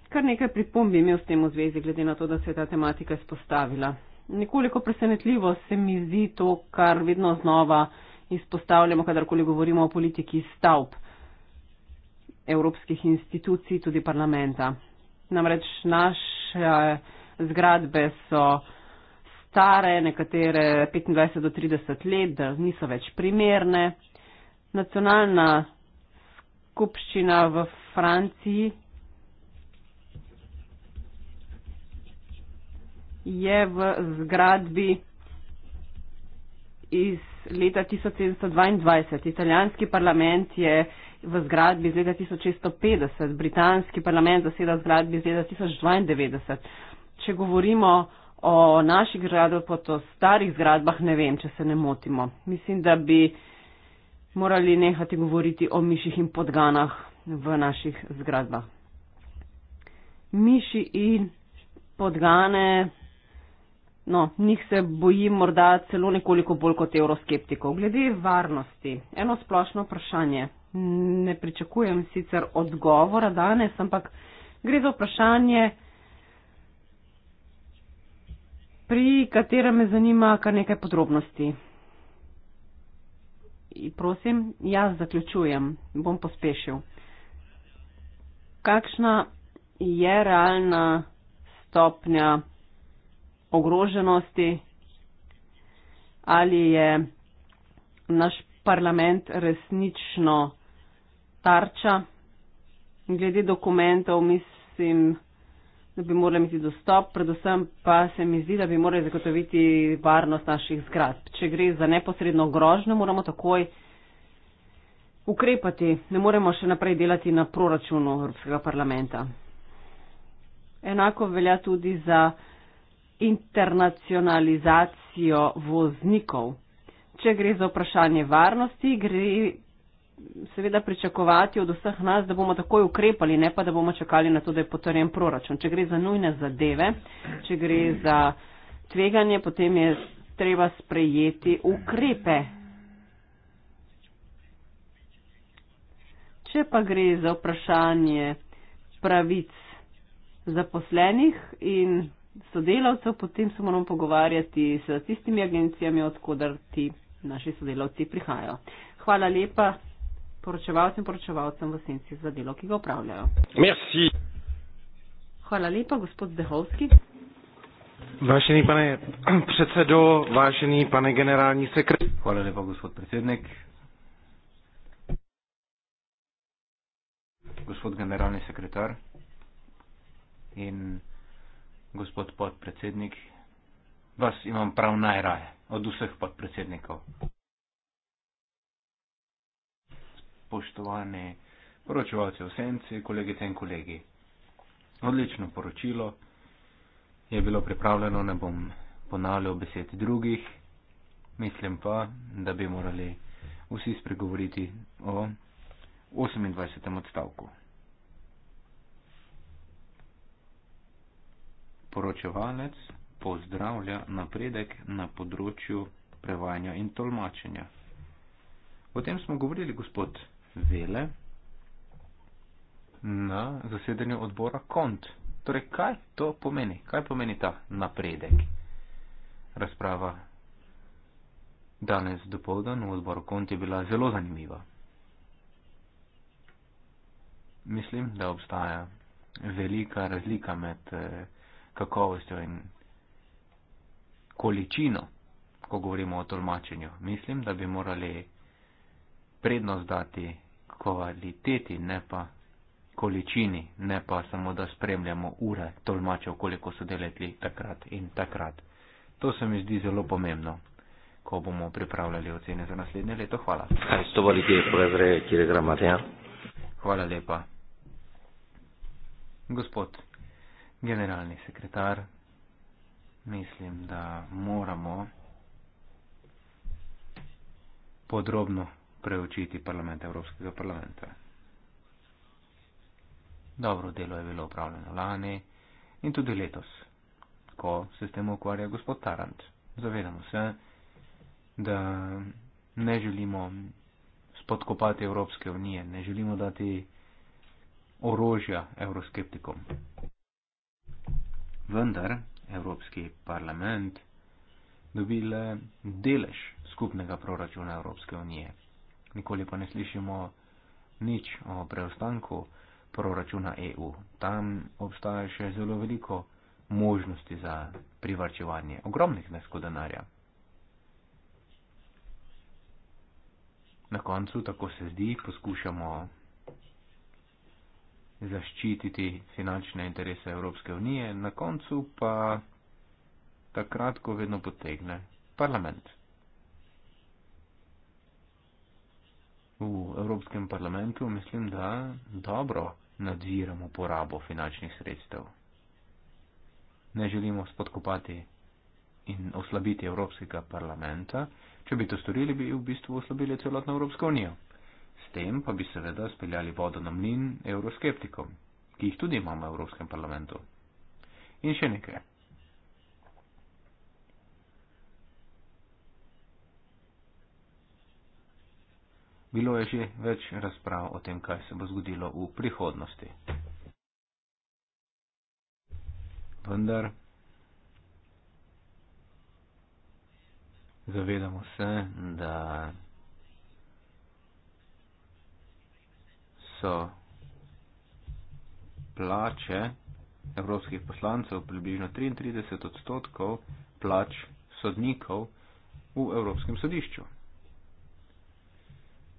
Kar nekaj pripomb bi imel s tem v zvezi, glede na to, da se je ta tematika izpostavila. Nekoliko presenetljivo se mi zdi to, kar vedno znova izpostavljamo, kadarkoli govorimo o politiki stavb evropskih institucij, tudi parlamenta. Namreč naše zgradbe so stare, nekatere 25 do 30 let, da niso več primerne. Nacionalna skupščina v Franciji je v zgradbi iz leta 1722. Italijanski parlament je v zgradbi iz leta 1650, britanski parlament zaseda zgradbi iz leta 1092. Če govorimo O naših zgradbah, pa o starih zgradbah, ne vem, če se ne motimo. Mislim, da bi morali nehati govoriti o miših in podganah v naših zgradbah. Miši in podgane, no, njih se bojim morda celo nekoliko bolj kot euroskeptikov. Glede varnosti, eno splošno vprašanje. Ne pričakujem sicer odgovora danes, ampak gre za vprašanje, pri katerem me zanima kar nekaj podrobnosti. In prosim, jaz zaključujem, bom pospešil. Kakšna je realna stopnja ogroženosti? Ali je naš parlament resnično tarča? Glede dokumentov, mislim, da bi morali imeti dostop, predvsem pa se mi zdi, da bi morali zagotoviti varnost naših zgrad. Če gre za neposredno grožnjo, moramo takoj ukrepati. Ne moremo še naprej delati na proračunu Evropskega parlamenta. Enako velja tudi za internacionalizacijo voznikov. Če gre za vprašanje varnosti, gre seveda pričakovati od vseh nas, da bomo takoj ukrepali, ne pa da bomo čakali na to, da je potrjen proračun. Če gre za nujne zadeve, če gre za tveganje, potem je treba sprejeti ukrepe. Če pa gre za vprašanje pravic zaposlenih in sodelavcev, potem se moramo pogovarjati s tistimi agencijami, odkudar ti naši sodelavci prihajajo. Hvala lepa poročevalcem in poročevalcem v senci za delo, ki ga upravljajo. Merci. Hvala lepa, gospod Zdehovski. Vážený pane předsedo, vážený pane generální sekretář. Hvala lepa, gospod predsednik. Gospod generální sekretár in gospod podpredsednik, vas imam prav najraje od vseh podpredsednikov. spoštovane poročevalce v senci, kolegice in kolegi. Odlično poročilo je bilo pripravljeno, ne bom ponavljal besed drugih, mislim pa, da bi morali vsi spregovoriti o 28. odstavku. Poročevalec pozdravlja napredek na področju prevajanja in tolmačenja. O tem smo govorili, gospod vele na zasedanju odbora kont. Torej, kaj to pomeni? Kaj pomeni ta napredek? Razprava danes dopoldan v odboru kont je bila zelo zanimiva. Mislim, da obstaja velika razlika med eh, kakovostjo in količino, ko govorimo o tolmačenju. Mislim, da bi morali prednost dati kvaliteti, ne pa količini, ne pa samo, da spremljamo ure tolmačev, koliko so delali takrat in takrat. To se mi zdi zelo pomembno, ko bomo pripravljali ocene za naslednje leto. Hvala. Kaj so valiti, prevre, kje gramate? Ja? Hvala lepa. Gospod generalni sekretar, mislim, da moramo podrobno preučiti parlament Evropskega parlamenta. Dobro delo je bilo upravljeno lani in tudi letos, ko se s tem ukvarja gospod Tarant. Zavedamo se, da ne želimo spodkopati Evropske unije, ne želimo dati orožja evroskeptikom. Vendar Evropski parlament dobile delež skupnega proračuna Evropske unije nikoli pa ne slišimo nič o preostanku proračuna EU. Tam obstaja še zelo veliko možnosti za privarčevanje ogromnih znesko denarja. Na koncu, tako se zdi, poskušamo zaščititi finančne interese Evropske unije, na koncu pa takrat, ko vedno potegne parlament. v Evropskem parlamentu mislim, da dobro nadziramo porabo finančnih sredstev. Ne želimo spodkopati in oslabiti Evropskega parlamenta. Če bi to storili, bi v bistvu oslabili celotno Evropsko unijo. S tem pa bi seveda speljali vodo na mlin evroskeptikom, ki jih tudi imamo v Evropskem parlamentu. In še nekaj. Bilo je že več razprav o tem, kaj se bo zgodilo v prihodnosti. Vendar zavedamo se, da so plače evropskih poslancev približno 33 odstotkov plač sodnikov v Evropskem sodišču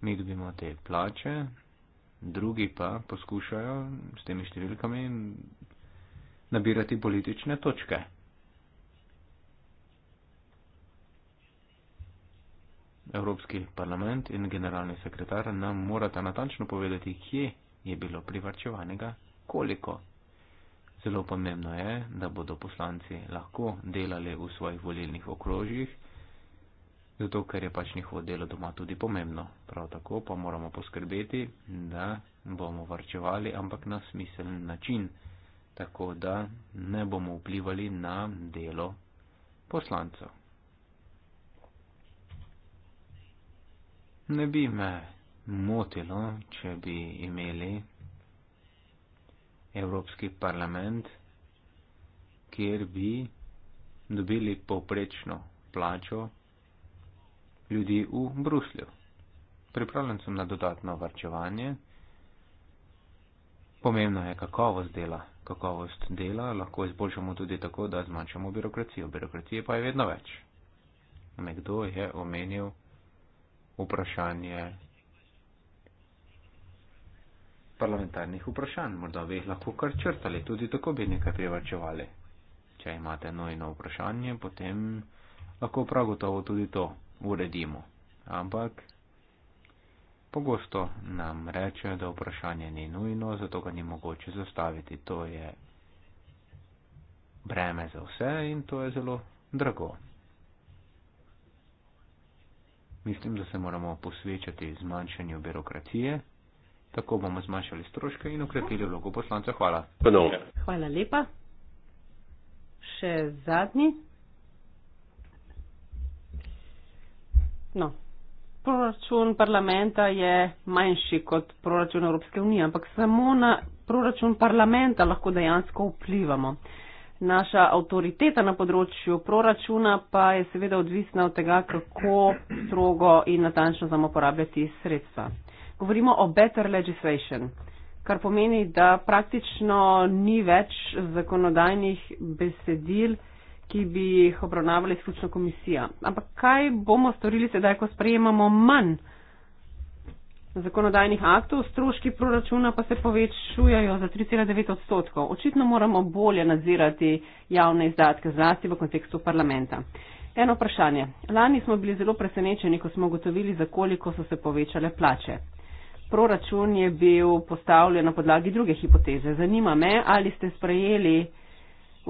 mi dobimo te plače, drugi pa poskušajo s temi številkami nabirati politične točke. Evropski parlament in generalni sekretar nam morata natančno povedati, kje je bilo privarčevanega, koliko. Zelo pomembno je, da bodo poslanci lahko delali v svojih volilnih okrožjih, zato ker je pač njihovo delo doma tudi pomembno. Prav tako pa moramo poskrbeti, da bomo varčevali, ampak na smiseln način, tako da ne bomo vplivali na delo poslancev. Ne bi me motilo, če bi imeli Evropski parlament, kjer bi dobili poprečno plačo ljudi v Bruslju. Pripravljen sem na dodatno varčevanje. Pomembno je kakovost dela. Kakovost dela lahko izboljšamo tudi tako, da zmanjšamo birokracijo. Birokracije pa je vedno več. Nekdo je omenil vprašanje parlamentarnih vprašanj. Morda bi jih lahko kar črtali, tudi tako bi nekaj privačevali. Če imate nojno vprašanje, potem lahko prav gotovo tudi to uredimo. Ampak pogosto nam reče, da vprašanje ni nujno, zato ga ni mogoče zastaviti. To je breme za vse in to je zelo drago. Mislim, da se moramo posvečati zmanjšanju birokracije. Tako bomo zmanjšali stroške in ukrepili vlogo poslanca. Hvala. Hvala lepa. Še zadnji. No, proračun parlamenta je manjši kot proračun Evropske unije, ampak samo na proračun parlamenta lahko dejansko vplivamo. Naša avtoriteta na področju proračuna pa je seveda odvisna od tega, kako strogo in natančno znamo porabljati sredstva. Govorimo o better legislation, kar pomeni, da praktično ni več zakonodajnih besedil, ki bi jih obravnavala izključno komisija. Ampak kaj bomo storili sedaj, ko sprejemamo manj zakonodajnih aktov, stroški proračuna pa se povečujajo za 3,9 odstotkov. Očitno moramo bolje nadzirati javne izdatke zlasti v kontekstu parlamenta. Eno vprašanje. Lani smo bili zelo presenečeni, ko smo ugotovili, za koliko so se povečale plače. Proračun je bil postavljen na podlagi druge hipoteze. Zanima me, ali ste sprejeli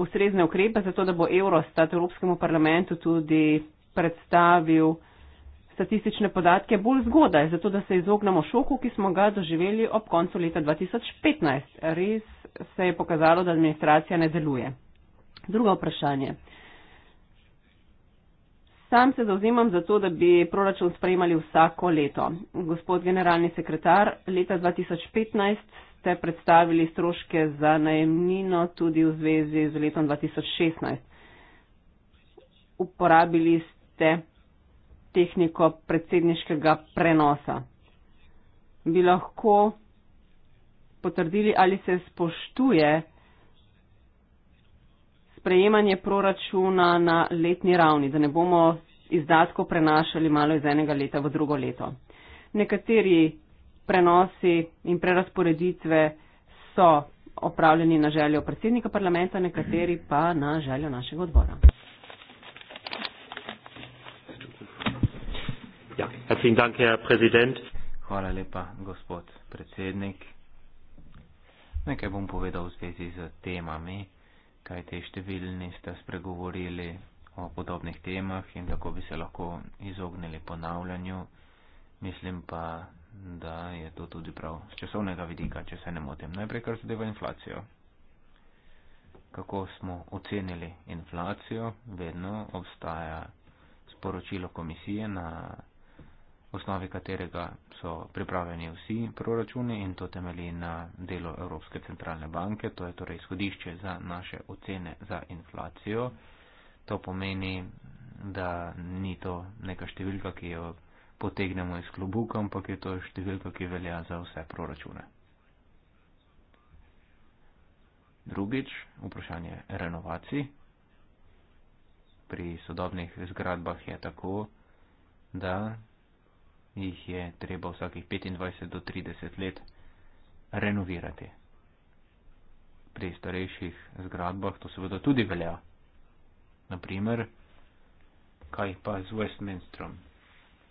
ustrezne ukrepe, zato da bo Eurostat Evropskemu parlamentu tudi predstavil statistične podatke bolj zgodaj, zato da se izognemo šoku, ki smo ga doživeli ob koncu leta 2015. Res se je pokazalo, da administracija ne deluje. Drugo vprašanje. Sam se zauzemam za to, da bi proračun sprejemali vsako leto. Gospod generalni sekretar, leta 2015 ste predstavili stroške za najemnino tudi v zvezi z letom 2016. Uporabili ste tehniko predsedniškega prenosa. Bi lahko potrdili, ali se spoštuje sprejemanje proračuna na letni ravni, da ne bomo izdatkov prenašali malo iz enega leta v drugo leto. Nekateri prenosi in prerasporeditve so opravljeni na željo predsednika parlamenta, nekateri pa na željo našega odbora. Ja, Hvala lepa, gospod predsednik. Nekaj bom povedal v zvezi z temami, kaj te številni ste spregovorili o podobnih temah in kako bi se lahko izognili ponavljanju. Mislim pa, da je to tudi prav z časovnega vidika, če se ne motim. Najprej, kar zadeva inflacijo. Kako smo ocenili inflacijo, vedno obstaja sporočilo komisije, na osnovi katerega so pripravljeni vsi proračuni in to temelji na delo Evropske centralne banke, to je torej izhodišče za naše ocene za inflacijo. To pomeni, da ni to neka številka, ki jo potegnemo iz klobuka, ampak je to številka, ki velja za vse proračune. Drugič, vprašanje renovacij. Pri sodobnih zgradbah je tako, da jih je treba vsakih 25 do 30 let renovirati. Pri starejših zgradbah to seveda tudi velja. Naprimer, kaj pa z Westminsterom,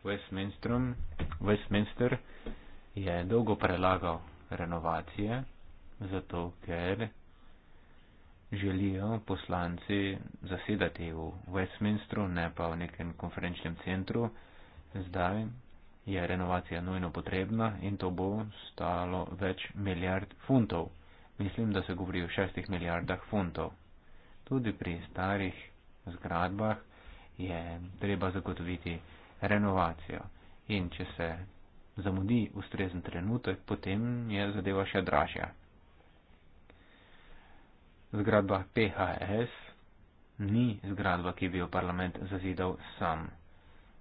Westminster, Westminster je dolgo prelagal renovacije, zato ker želijo poslanci zasedati v Westminstru, ne pa v nekem konferenčnem centru. Zdaj je renovacija nujno potrebna in to bo stalo več milijard funtov. Mislim, da se govori o šestih milijardah funtov. Tudi pri starih zgradbah je treba zagotoviti renovacijo. In če se zamudi ustrezen trenutek, potem je zadeva še dražja. Zgradba PHS ni zgradba, ki bi jo parlament zazidal sam.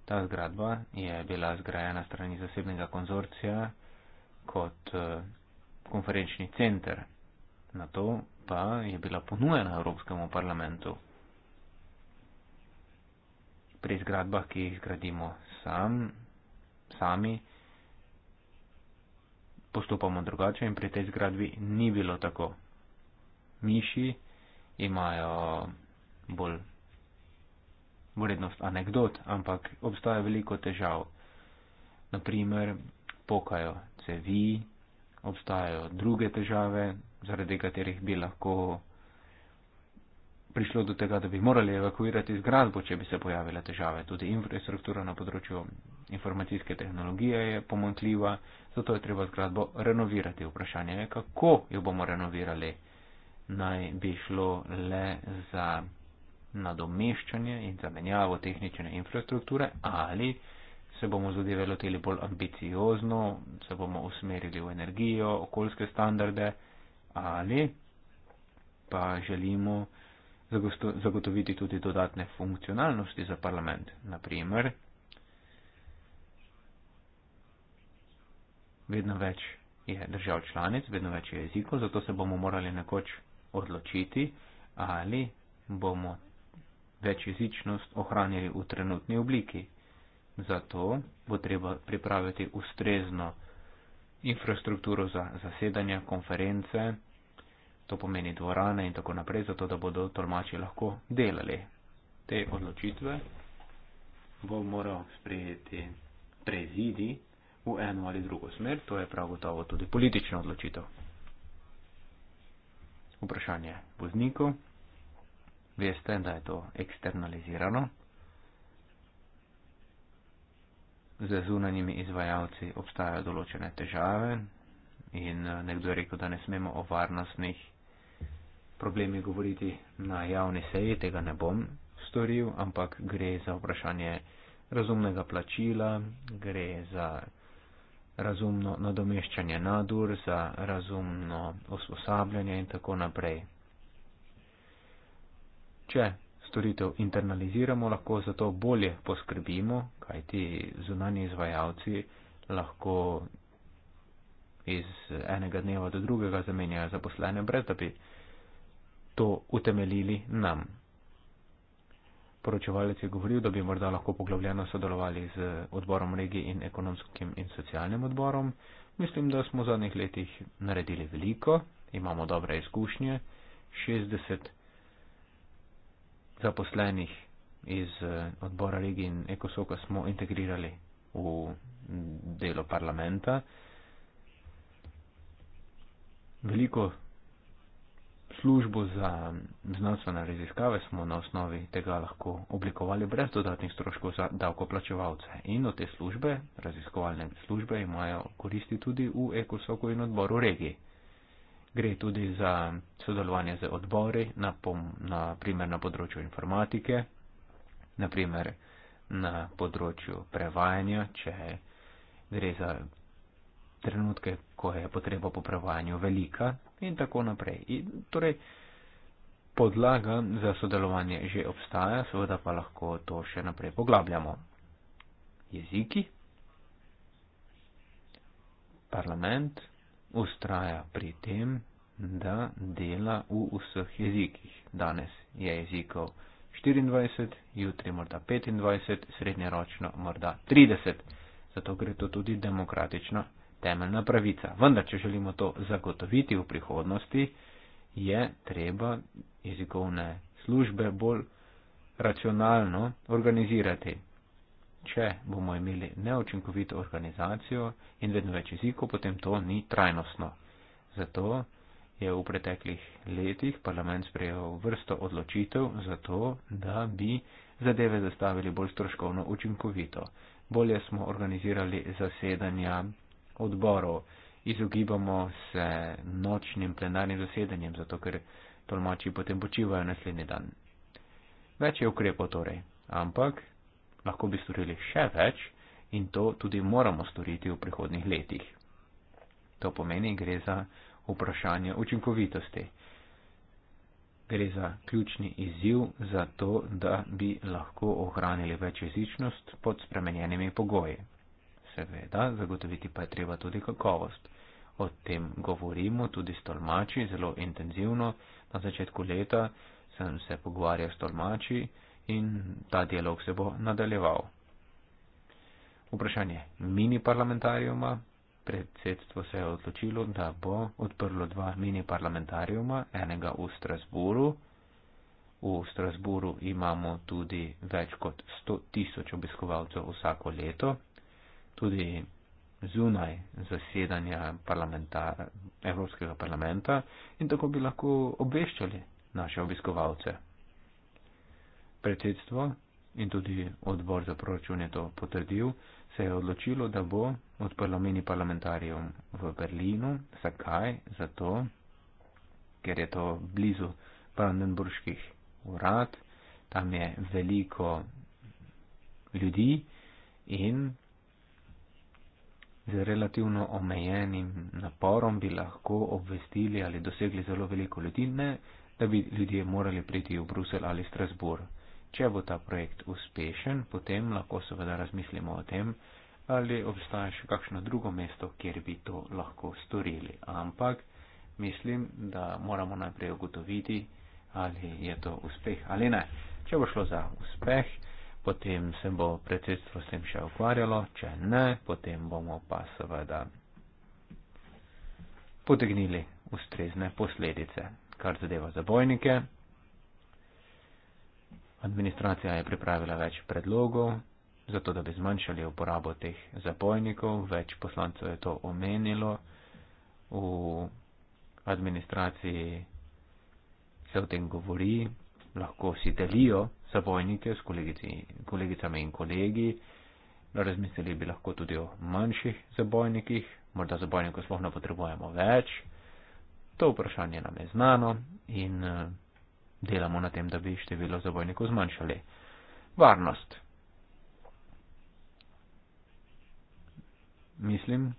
Ta zgradba je bila zgrajena strani zasebnega konzorcija kot eh, konferenčni center. Na to pa je bila ponujena Evropskemu parlamentu pri zgradbah, ki jih gradimo sam, sami, postopamo drugače in pri tej zgradbi ni bilo tako. Miši imajo bolj vrednost anegdot, ampak obstaja veliko težav. Naprimer, pokajo cevi, obstajajo druge težave, zaradi katerih bi lahko prišlo do tega, da bi morali evakuirati zgradbo, če bi se pojavile težave. Tudi infrastruktura na področju informacijske tehnologije je pomankljiva, zato je treba zgradbo renovirati. Vprašanje je, kako jo bomo renovirali. Naj bi šlo le za nadomeščanje in zamenjavo tehnične infrastrukture ali se bomo zadeve lotili bolj ambiciozno, se bomo usmerili v energijo, okoljske standarde ali pa želimo zagotoviti tudi dodatne funkcionalnosti za parlament. Naprimer, vedno več je držav članic, vedno več je jezikov, zato se bomo morali nekoč odločiti, ali bomo večjezičnost ohranili v trenutni obliki. Zato bo treba pripraviti ustrezno infrastrukturo za zasedanja, konference, to pomeni dvorane in tako naprej, zato da bodo tolmači lahko delali. Te odločitve bo moral sprejeti prezidi v eno ali drugo smer, to je prav gotovo tudi politična odločitev. Vprašanje voznikov. Veste, da je to eksternalizirano. Z zunanjimi izvajalci obstajajo določene težave in eh, nekdo je rekel, da ne smemo o varnostnih problem je govoriti na javni seji, tega ne bom storil, ampak gre za vprašanje razumnega plačila, gre za razumno nadomeščanje nadur, za razumno usposabljanje in tako naprej. Če storitev internaliziramo, lahko za to bolje poskrbimo, kaj ti zunani izvajalci lahko iz enega dneva do drugega zamenjajo zaposlene, brez da bi to utemeljili nam. Poročevalec je govoril, da bi morda lahko poglobljeno sodelovali z odborom regije in ekonomskim in socialnim odborom. Mislim, da smo v zadnjih letih naredili veliko, imamo dobre izkušnje, 60 zaposlenih iz eh, odbora regije in ekosoka smo integrirali v delo parlamenta. Veliko službo za znanstvene raziskave smo na osnovi tega lahko oblikovali brez dodatnih stroškov za davkoplačevalce. In od te službe, raziskovalne službe, imajo koristi tudi v Ekosoku in odboru regiji. Gre tudi za sodelovanje z odbori, na, pom, na primer na področju informatike, na primer na področju prevajanja, če gre za trenutke, ko je potreba po prevajanju velika in tako naprej. In, torej, podlaga za sodelovanje že obstaja, seveda pa lahko to še naprej poglabljamo. Jeziki, parlament ustraja pri tem, da dela v vseh jezikih. Danes je jezikov 24, jutri morda 25, srednjeročno morda 30. Zato gre to tudi demokratična temeljna pravica. Vendar, če želimo to zagotoviti v prihodnosti, je treba jezikovne službe bolj racionalno organizirati. Če bomo imeli neočinkovito organizacijo in vedno več jezikov, potem to ni trajnostno. Zato je v preteklih letih parlament sprejel vrsto odločitev za to, da bi zadeve zastavili bolj stroškovno učinkovito. Bolje smo organizirali zasedanja odborov. Izogibamo se nočnim plenarnim zasedanjem, zato ker tolmači potem počivajo naslednji dan. Več je ukrepo torej, ampak lahko bi storili še več in to tudi moramo storiti v prihodnih letih. To pomeni, gre za vprašanje učinkovitosti. Gre za ključni izziv za to, da bi lahko ohranili večjezičnost pod spremenjenimi pogoji seveda, zagotoviti pa je treba tudi kakovost. O tem govorimo tudi s tolmači zelo intenzivno. Na začetku leta sem se pogovarjal s tolmači in ta dialog se bo nadaljeval. Vprašanje mini parlamentarijuma. Predsedstvo se je odločilo, da bo odprlo dva mini parlamentarijuma, enega v Strasburu. V Strasburu imamo tudi več kot 100 tisoč obiskovalcev vsako leto, tudi zunaj zasedanja parlamenta, Evropskega parlamenta in tako bi lahko obveščali naše obiskovalce. Predsedstvo in tudi odbor za proračun je to potrdil, se je odločilo, da bo odprlo mini parlamentarijum v Berlinu. Zakaj? Zato, ker je to blizu Brandenburških urad, tam je veliko ljudi in z relativno omejenim naporom bi lahko obvestili ali dosegli zelo veliko ljudi, ne da bi ljudje morali priti v Brusel ali Strasbourg. Če bo ta projekt uspešen, potem lahko seveda razmislimo o tem, ali obstaja še kakšno drugo mesto, kjer bi to lahko storili. Ampak mislim, da moramo najprej ugotoviti, ali je to uspeh ali ne. Če bo šlo za uspeh, potem se bo predsedstvo s tem še ukvarjalo, če ne, potem bomo pa seveda potegnili ustrezne posledice, kar zadeva zabojnike. Administracija je pripravila več predlogov, zato da bi zmanjšali uporabo teh zabojnikov, več poslancev je to omenilo. V administraciji se o tem govori, lahko si delijo zabojnike s kolegici, kolegicami in kolegi. Razmislili bi lahko tudi o manjših zabojnikih, morda zabojnikov sploh ne potrebujemo več. To vprašanje nam je znano in eh, delamo na tem, da bi število zabojnikov zmanjšali. Varnost. Mislim,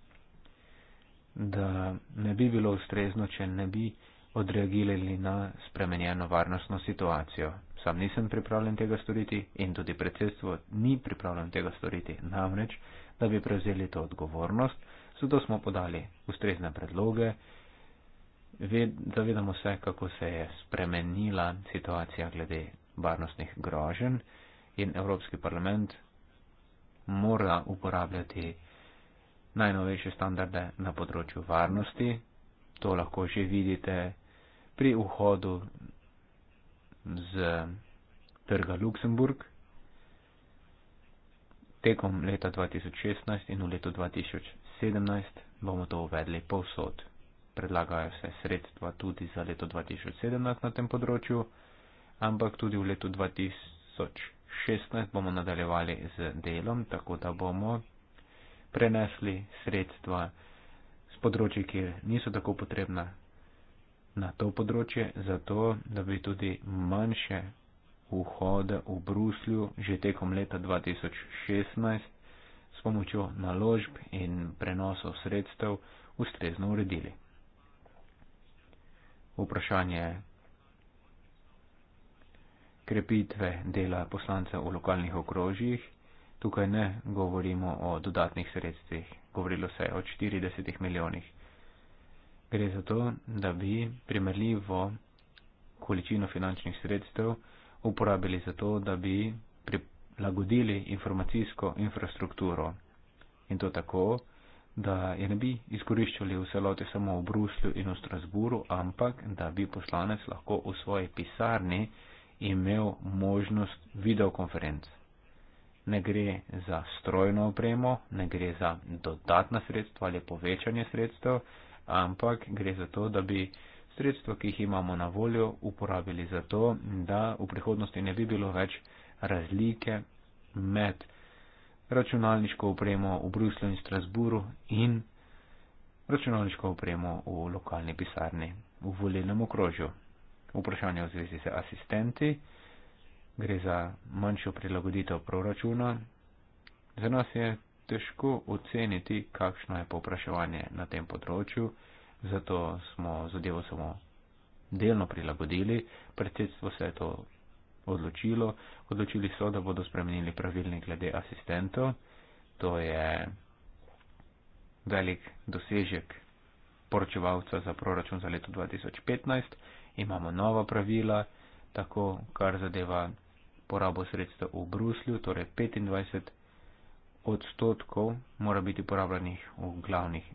da ne bi bilo ustrezno, če ne bi odreagirali na spremenjeno varnostno situacijo. Sam nisem pripravljen tega storiti in tudi predsedstvo ni pripravljeno tega storiti, namreč, da bi prevzeli to odgovornost, zato smo podali ustrezne predloge. Zavedamo se, kako se je spremenila situacija glede varnostnih groženj in Evropski parlament mora uporabljati najnovejše standarde na področju varnosti, To lahko že vidite pri vhodu z trga Luksemburg. Tekom leta 2016 in v letu 2017 bomo to uvedli povsod. Predlagajo se sredstva tudi za leto 2017 na tem področju, ampak tudi v letu 2016 bomo nadaljevali z delom, tako da bomo prenesli sredstva s področji, ki niso tako potrebna na to področje, zato da bi tudi manjše vhode v Bruslju že tekom leta 2016 s pomočjo naložb in prenosov sredstev ustrezno uredili. Vprašanje krepitve dela poslancev v lokalnih okrožjih Tukaj ne govorimo o dodatnih sredstvih, govorilo se je o 40 milijonih. Gre za to, da bi primerljivo količino finančnih sredstev uporabili za to, da bi prilagodili informacijsko infrastrukturo. In to tako, da je ne bi izkoriščali v celoti samo v Bruslju in v Strasburu, ampak da bi poslanec lahko v svoji pisarni imel možnost videokonference ne gre za strojno opremo, ne gre za dodatna sredstva ali povečanje sredstev, ampak gre za to, da bi sredstva, ki jih imamo na voljo, uporabili za to, da v prihodnosti ne bi bilo več razlike med računalniško opremo v Bruslju in Strasburu in računalniško opremo v lokalni pisarni v volilnem okrožju. Vprašanje v zvezi z asistenti gre za manjšo prilagoditev proračuna. Za nas je težko oceniti, kakšno je popraševanje na tem področju, zato smo zadevo samo delno prilagodili. Predsedstvo se je to odločilo. Odločili so, da bodo spremenili pravilnik glede asistentov. To je velik dosežek poročevalca za proračun za leto 2015. Imamo nova pravila, tako kar zadeva porabo sredstev v Bruslju, torej 25 odstotkov mora biti porabljenih v glavnih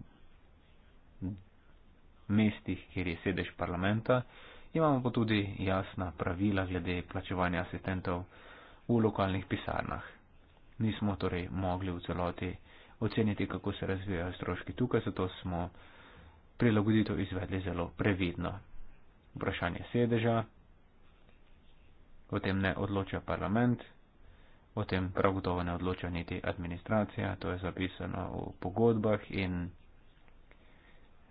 mestih, kjer je sedež parlamenta. Imamo pa tudi jasna pravila glede plačevanja asistentov v lokalnih pisarnah. Nismo torej mogli v celoti oceniti, kako se razvijajo stroški tukaj, zato smo prilagoditev izvedli zelo previdno. Vprašanje sedeža o tem ne odloča parlament, o tem prav gotovo ne odloča niti administracija, to je zapisano v pogodbah in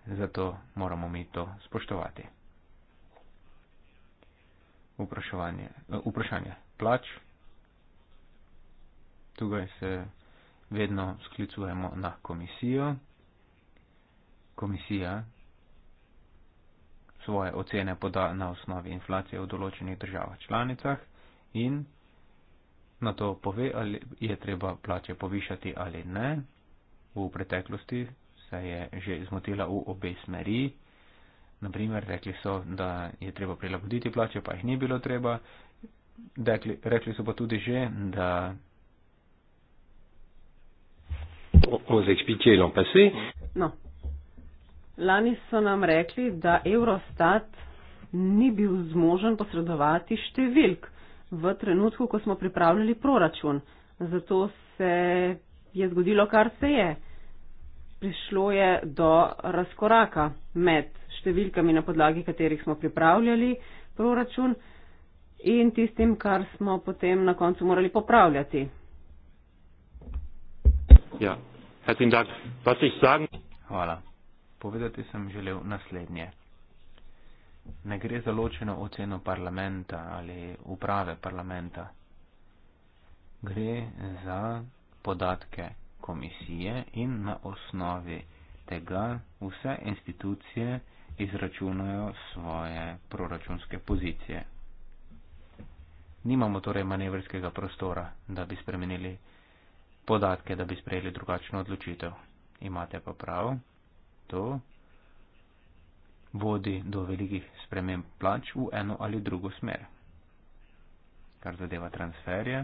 zato moramo mi to spoštovati. Vprašanje, eh, vprašanje plač. Tukaj se vedno sklicujemo na komisijo. Komisija svoje ocene poda na osnovi inflacije v določenih državah članicah in na to pove, ali je treba plače povišati ali ne. V preteklosti se je že zmotila v obe smeri. Naprimer, rekli so, da je treba prilagoditi plače, pa jih ni bilo treba. Dekli, rekli so pa tudi že, da. No. Lani so nam rekli, da Eurostat ni bil zmožen posredovati številk v trenutku, ko smo pripravljali proračun. Zato se je zgodilo, kar se je. Prišlo je do razkoraka med številkami, na podlagi katerih smo pripravljali proračun in tistim, kar smo potem na koncu morali popravljati. Ja, herzlichen Dank. Hvala povedati sem želel naslednje. Ne gre za ločeno oceno parlamenta ali uprave parlamenta. Gre za podatke komisije in na osnovi tega vse institucije izračunajo svoje proračunske pozicije. Nimamo torej manevrskega prostora, da bi spremenili podatke, da bi sprejeli drugačno odločitev. Imate pa prav, to vodi do velikih sprememb plač v eno ali drugo smer. Kar zadeva transferje,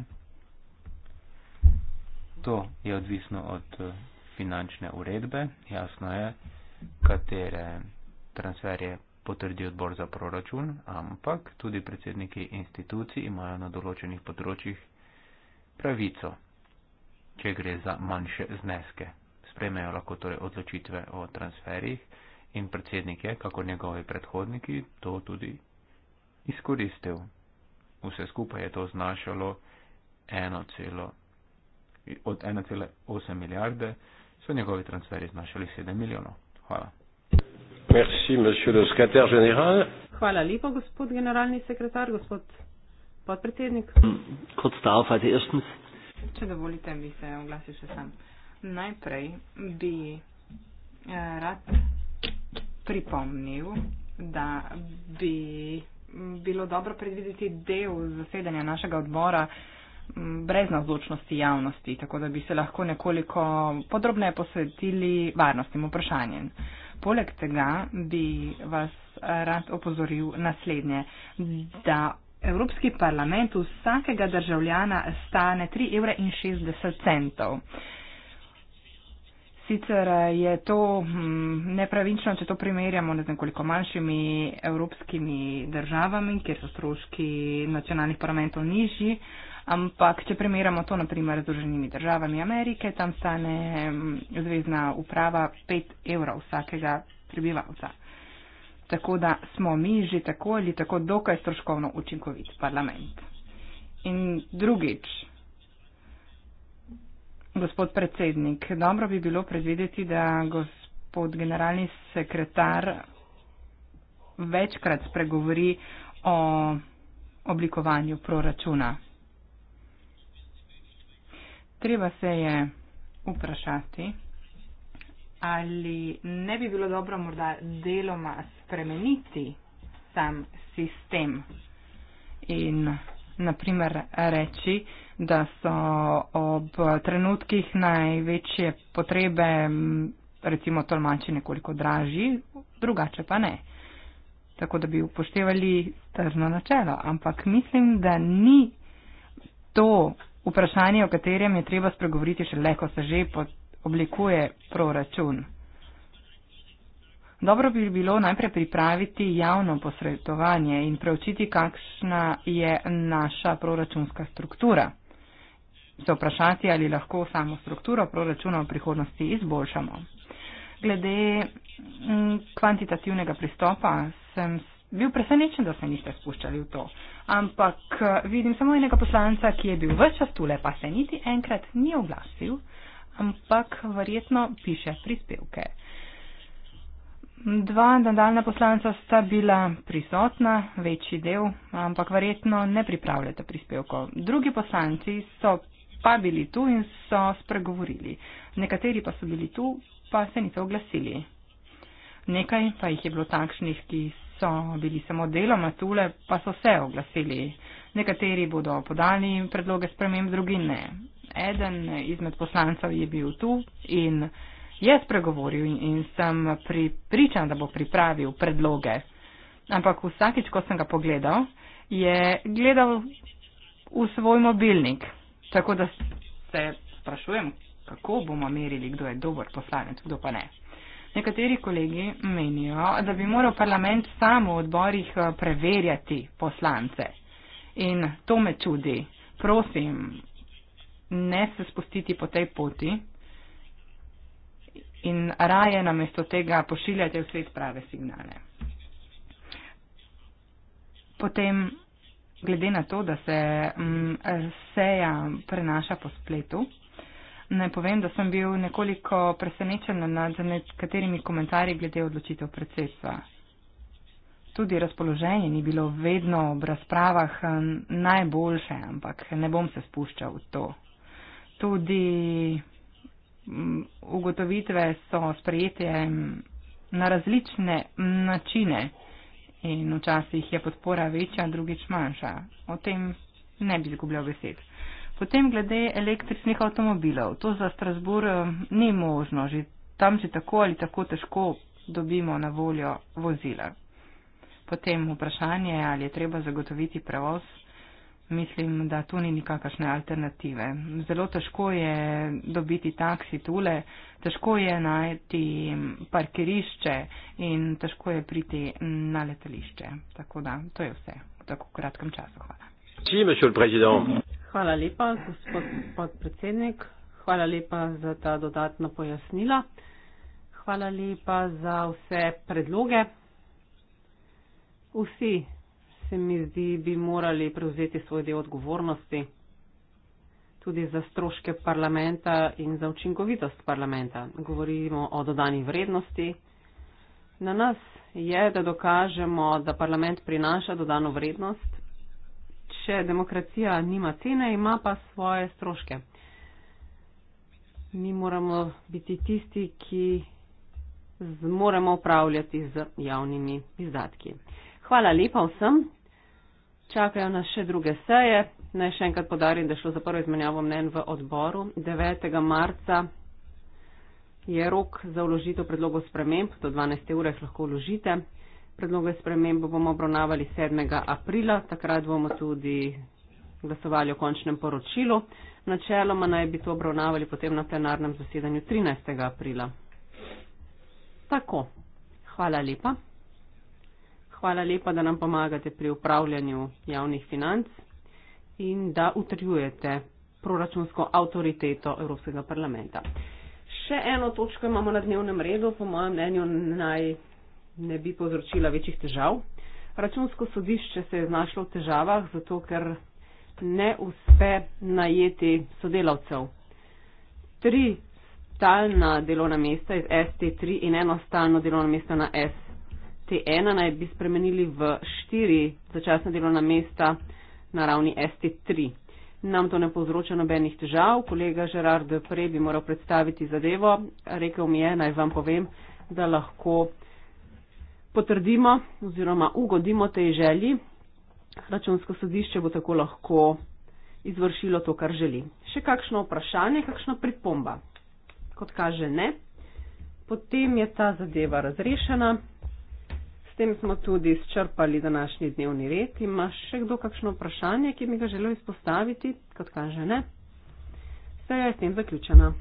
to je odvisno od eh, finančne uredbe. Jasno je, katere transferje potrdi odbor za proračun, ampak tudi predsedniki institucij imajo na določenih področjih pravico, če gre za manjše zneske sprejmejo lahko torej odločitve o transferjih in predsednik je, kako njegovi predhodniki, to tudi izkoristil. Vse skupaj je to znašalo celo, od 1,8 milijarde, so njegovi transferji znašali 7 milijonov. Hvala. Merci, Hvala lepo, gospod generalni sekretar, gospod podpredsednik. Kot stavfa, da je jasno. Če dovolite, bi se oglasil še sam. Uh, najprej bi eh, rad pripomnil, da bi bilo dobro predvideti del zasedanja našega odbora brez navzočnosti javnosti, tako da bi se lahko nekoliko podrobneje posvetili varnostnim vprašanjem. Poleg tega bi vas rad opozoril naslednje, da Evropski parlament vsakega državljana stane 3,60 evra. Sicer eh, je to hm, nepravično, če to primerjamo ne vem koliko manjšimi evropskimi državami, kjer so stroški nacionalnih parlamentov nižji, ampak če primerjamo to naprimer z Združenimi državami Amerike, tam stane hm, zvezdna uprava 5 evrov vsakega prebivalca. Tako da smo mi že tako ali tako dokaj stroškovno učinkovit parlament. In drugič. Gospod predsednik, dobro bi bilo predvideti, da gospod generalni sekretar večkrat spregovori o oblikovanju proračuna. Treba se je vprašati, ali ne bi bilo dobro morda deloma spremeniti sam sistem in naprimer reči, da so ob trenutkih največje potrebe, recimo tolmači, nekoliko dražji, drugače pa ne. Tako da bi upoštevali tržno načelo. Ampak mislim, da ni to vprašanje, o katerem je treba spregovoriti šele, ko se že oblikuje proračun. Dobro bi bilo najprej pripraviti javno posredovanje in preučiti, kakšna je naša proračunska struktura se vprašati, ali lahko samo strukturo proračuna v prihodnosti izboljšamo. Glede mm, kvantitativnega pristopa sem bil presenečen, da se niste spuščali v to, ampak vidim samo enega poslanca, ki je bil vse čas tule, pa se niti enkrat ni oglasil, ampak verjetno piše prispevke. Dva nadaljna poslanca sta bila prisotna, večji del, ampak verjetno ne pripravljate prispevkov. Drugi poslanci so pa bili tu in so spregovorili. Nekateri pa so bili tu, pa se niso oglasili. Nekaj pa jih je bilo takšnih, ki so bili samo deloma tule, pa so se oglasili. Nekateri bodo podali predloge sprememb, drugi ne. Eden izmed poslancev je bil tu in je spregovoril in sem pripričan, da bo pripravil predloge. Ampak vsakič, ko sem ga pogledal, je gledal v svoj mobilnik. Tako da se sprašujem, kako bomo merili, kdo je dober poslanec, kdo pa ne. Nekateri kolegi menijo, da bi moral parlament samo v odborih eh, preverjati poslance. In to me čudi. Prosim, ne se spustiti po tej poti in raje namesto tega pošiljate v svet prave signale. Potem glede na to, da se m, mm, seja prenaša po spletu. Ne povem, da sem bil nekoliko presenečen nad nekaterimi komentarji glede odločitev predsedstva. Tudi razpoloženje ni bilo vedno ob razpravah mm, najboljše, ampak ne bom se spuščal v to. Tudi mm, ugotovitve so sprejete na različne načine. In včasih je podpora večja, drugič manjša. O tem ne bi zgubljal besed. Potem glede električnih avtomobilov. To za Strasbourg eh, ni možno. Že tam že tako ali tako težko dobimo na voljo vozila. Potem vprašanje, ali je treba zagotoviti prevoz mislim, da tu ni nikakršne alternative. Zelo težko je dobiti taksi tule, težko je najti parkirišče in težko je priti na letališče. Tako da, to je vse v tako kratkem času. Hvala. Hvala lepa, gospod podpredsednik. Hvala lepa za ta dodatna pojasnila. Hvala lepa za vse predloge. Vsi se mi zdi, bi morali prevzeti svoj del odgovornosti tudi za stroške parlamenta in za učinkovitost parlamenta. Govorimo o dodani vrednosti. Na nas je, da dokažemo, da parlament prinaša dodano vrednost. Če demokracija nima cene, ima pa svoje stroške. Mi moramo biti tisti, ki moramo upravljati z javnimi izdatki. Hvala lepa vsem, Čakajo nas še druge seje. Naj še enkrat podarim, da je šlo za prvo izmenjavo mnen v odboru. 9. marca je rok za vložitev predlogov sprememb, do 12. ure jih lahko vložite. Predloge sprememb bomo obravnavali 7. aprila, takrat bomo tudi glasovali o končnem poročilu. Načeloma naj bi to obravnavali potem na plenarnem zasedanju 13. aprila. Tako, hvala lepa. Hvala lepa, da nam pomagate pri upravljanju javnih financ in da utrjujete proračunsko avtoriteto Evropskega parlamenta. Še eno točko imamo na dnevnem redu, po mojem mnenju naj ne bi povzročila večjih težav. Računsko sodišče se je znašlo v težavah, zato ker ne uspe najeti sodelavcev. Tri stalna delovna mesta iz ST3 in eno stalno delovno mesto na S7 te ena naj bi spremenili v štiri začasna delovna mesta na ravni ST3. Nam to ne povzroča nobenih težav. Kolega Žerard prej bi moral predstaviti zadevo. Rekel mi je, naj vam povem, da lahko potrdimo oziroma ugodimo tej želji. Računsko sodišče bo tako lahko izvršilo to, kar želi. Še kakšno vprašanje, kakšna pripomba? Kot kaže ne, potem je ta zadeva razrešena tem smo tudi izčrpali današnji dnevni red. Ima še kdo kakšno vprašanje, ki bi ga želel izpostaviti? Kot kaže, ne. Seja je s tem zaključena.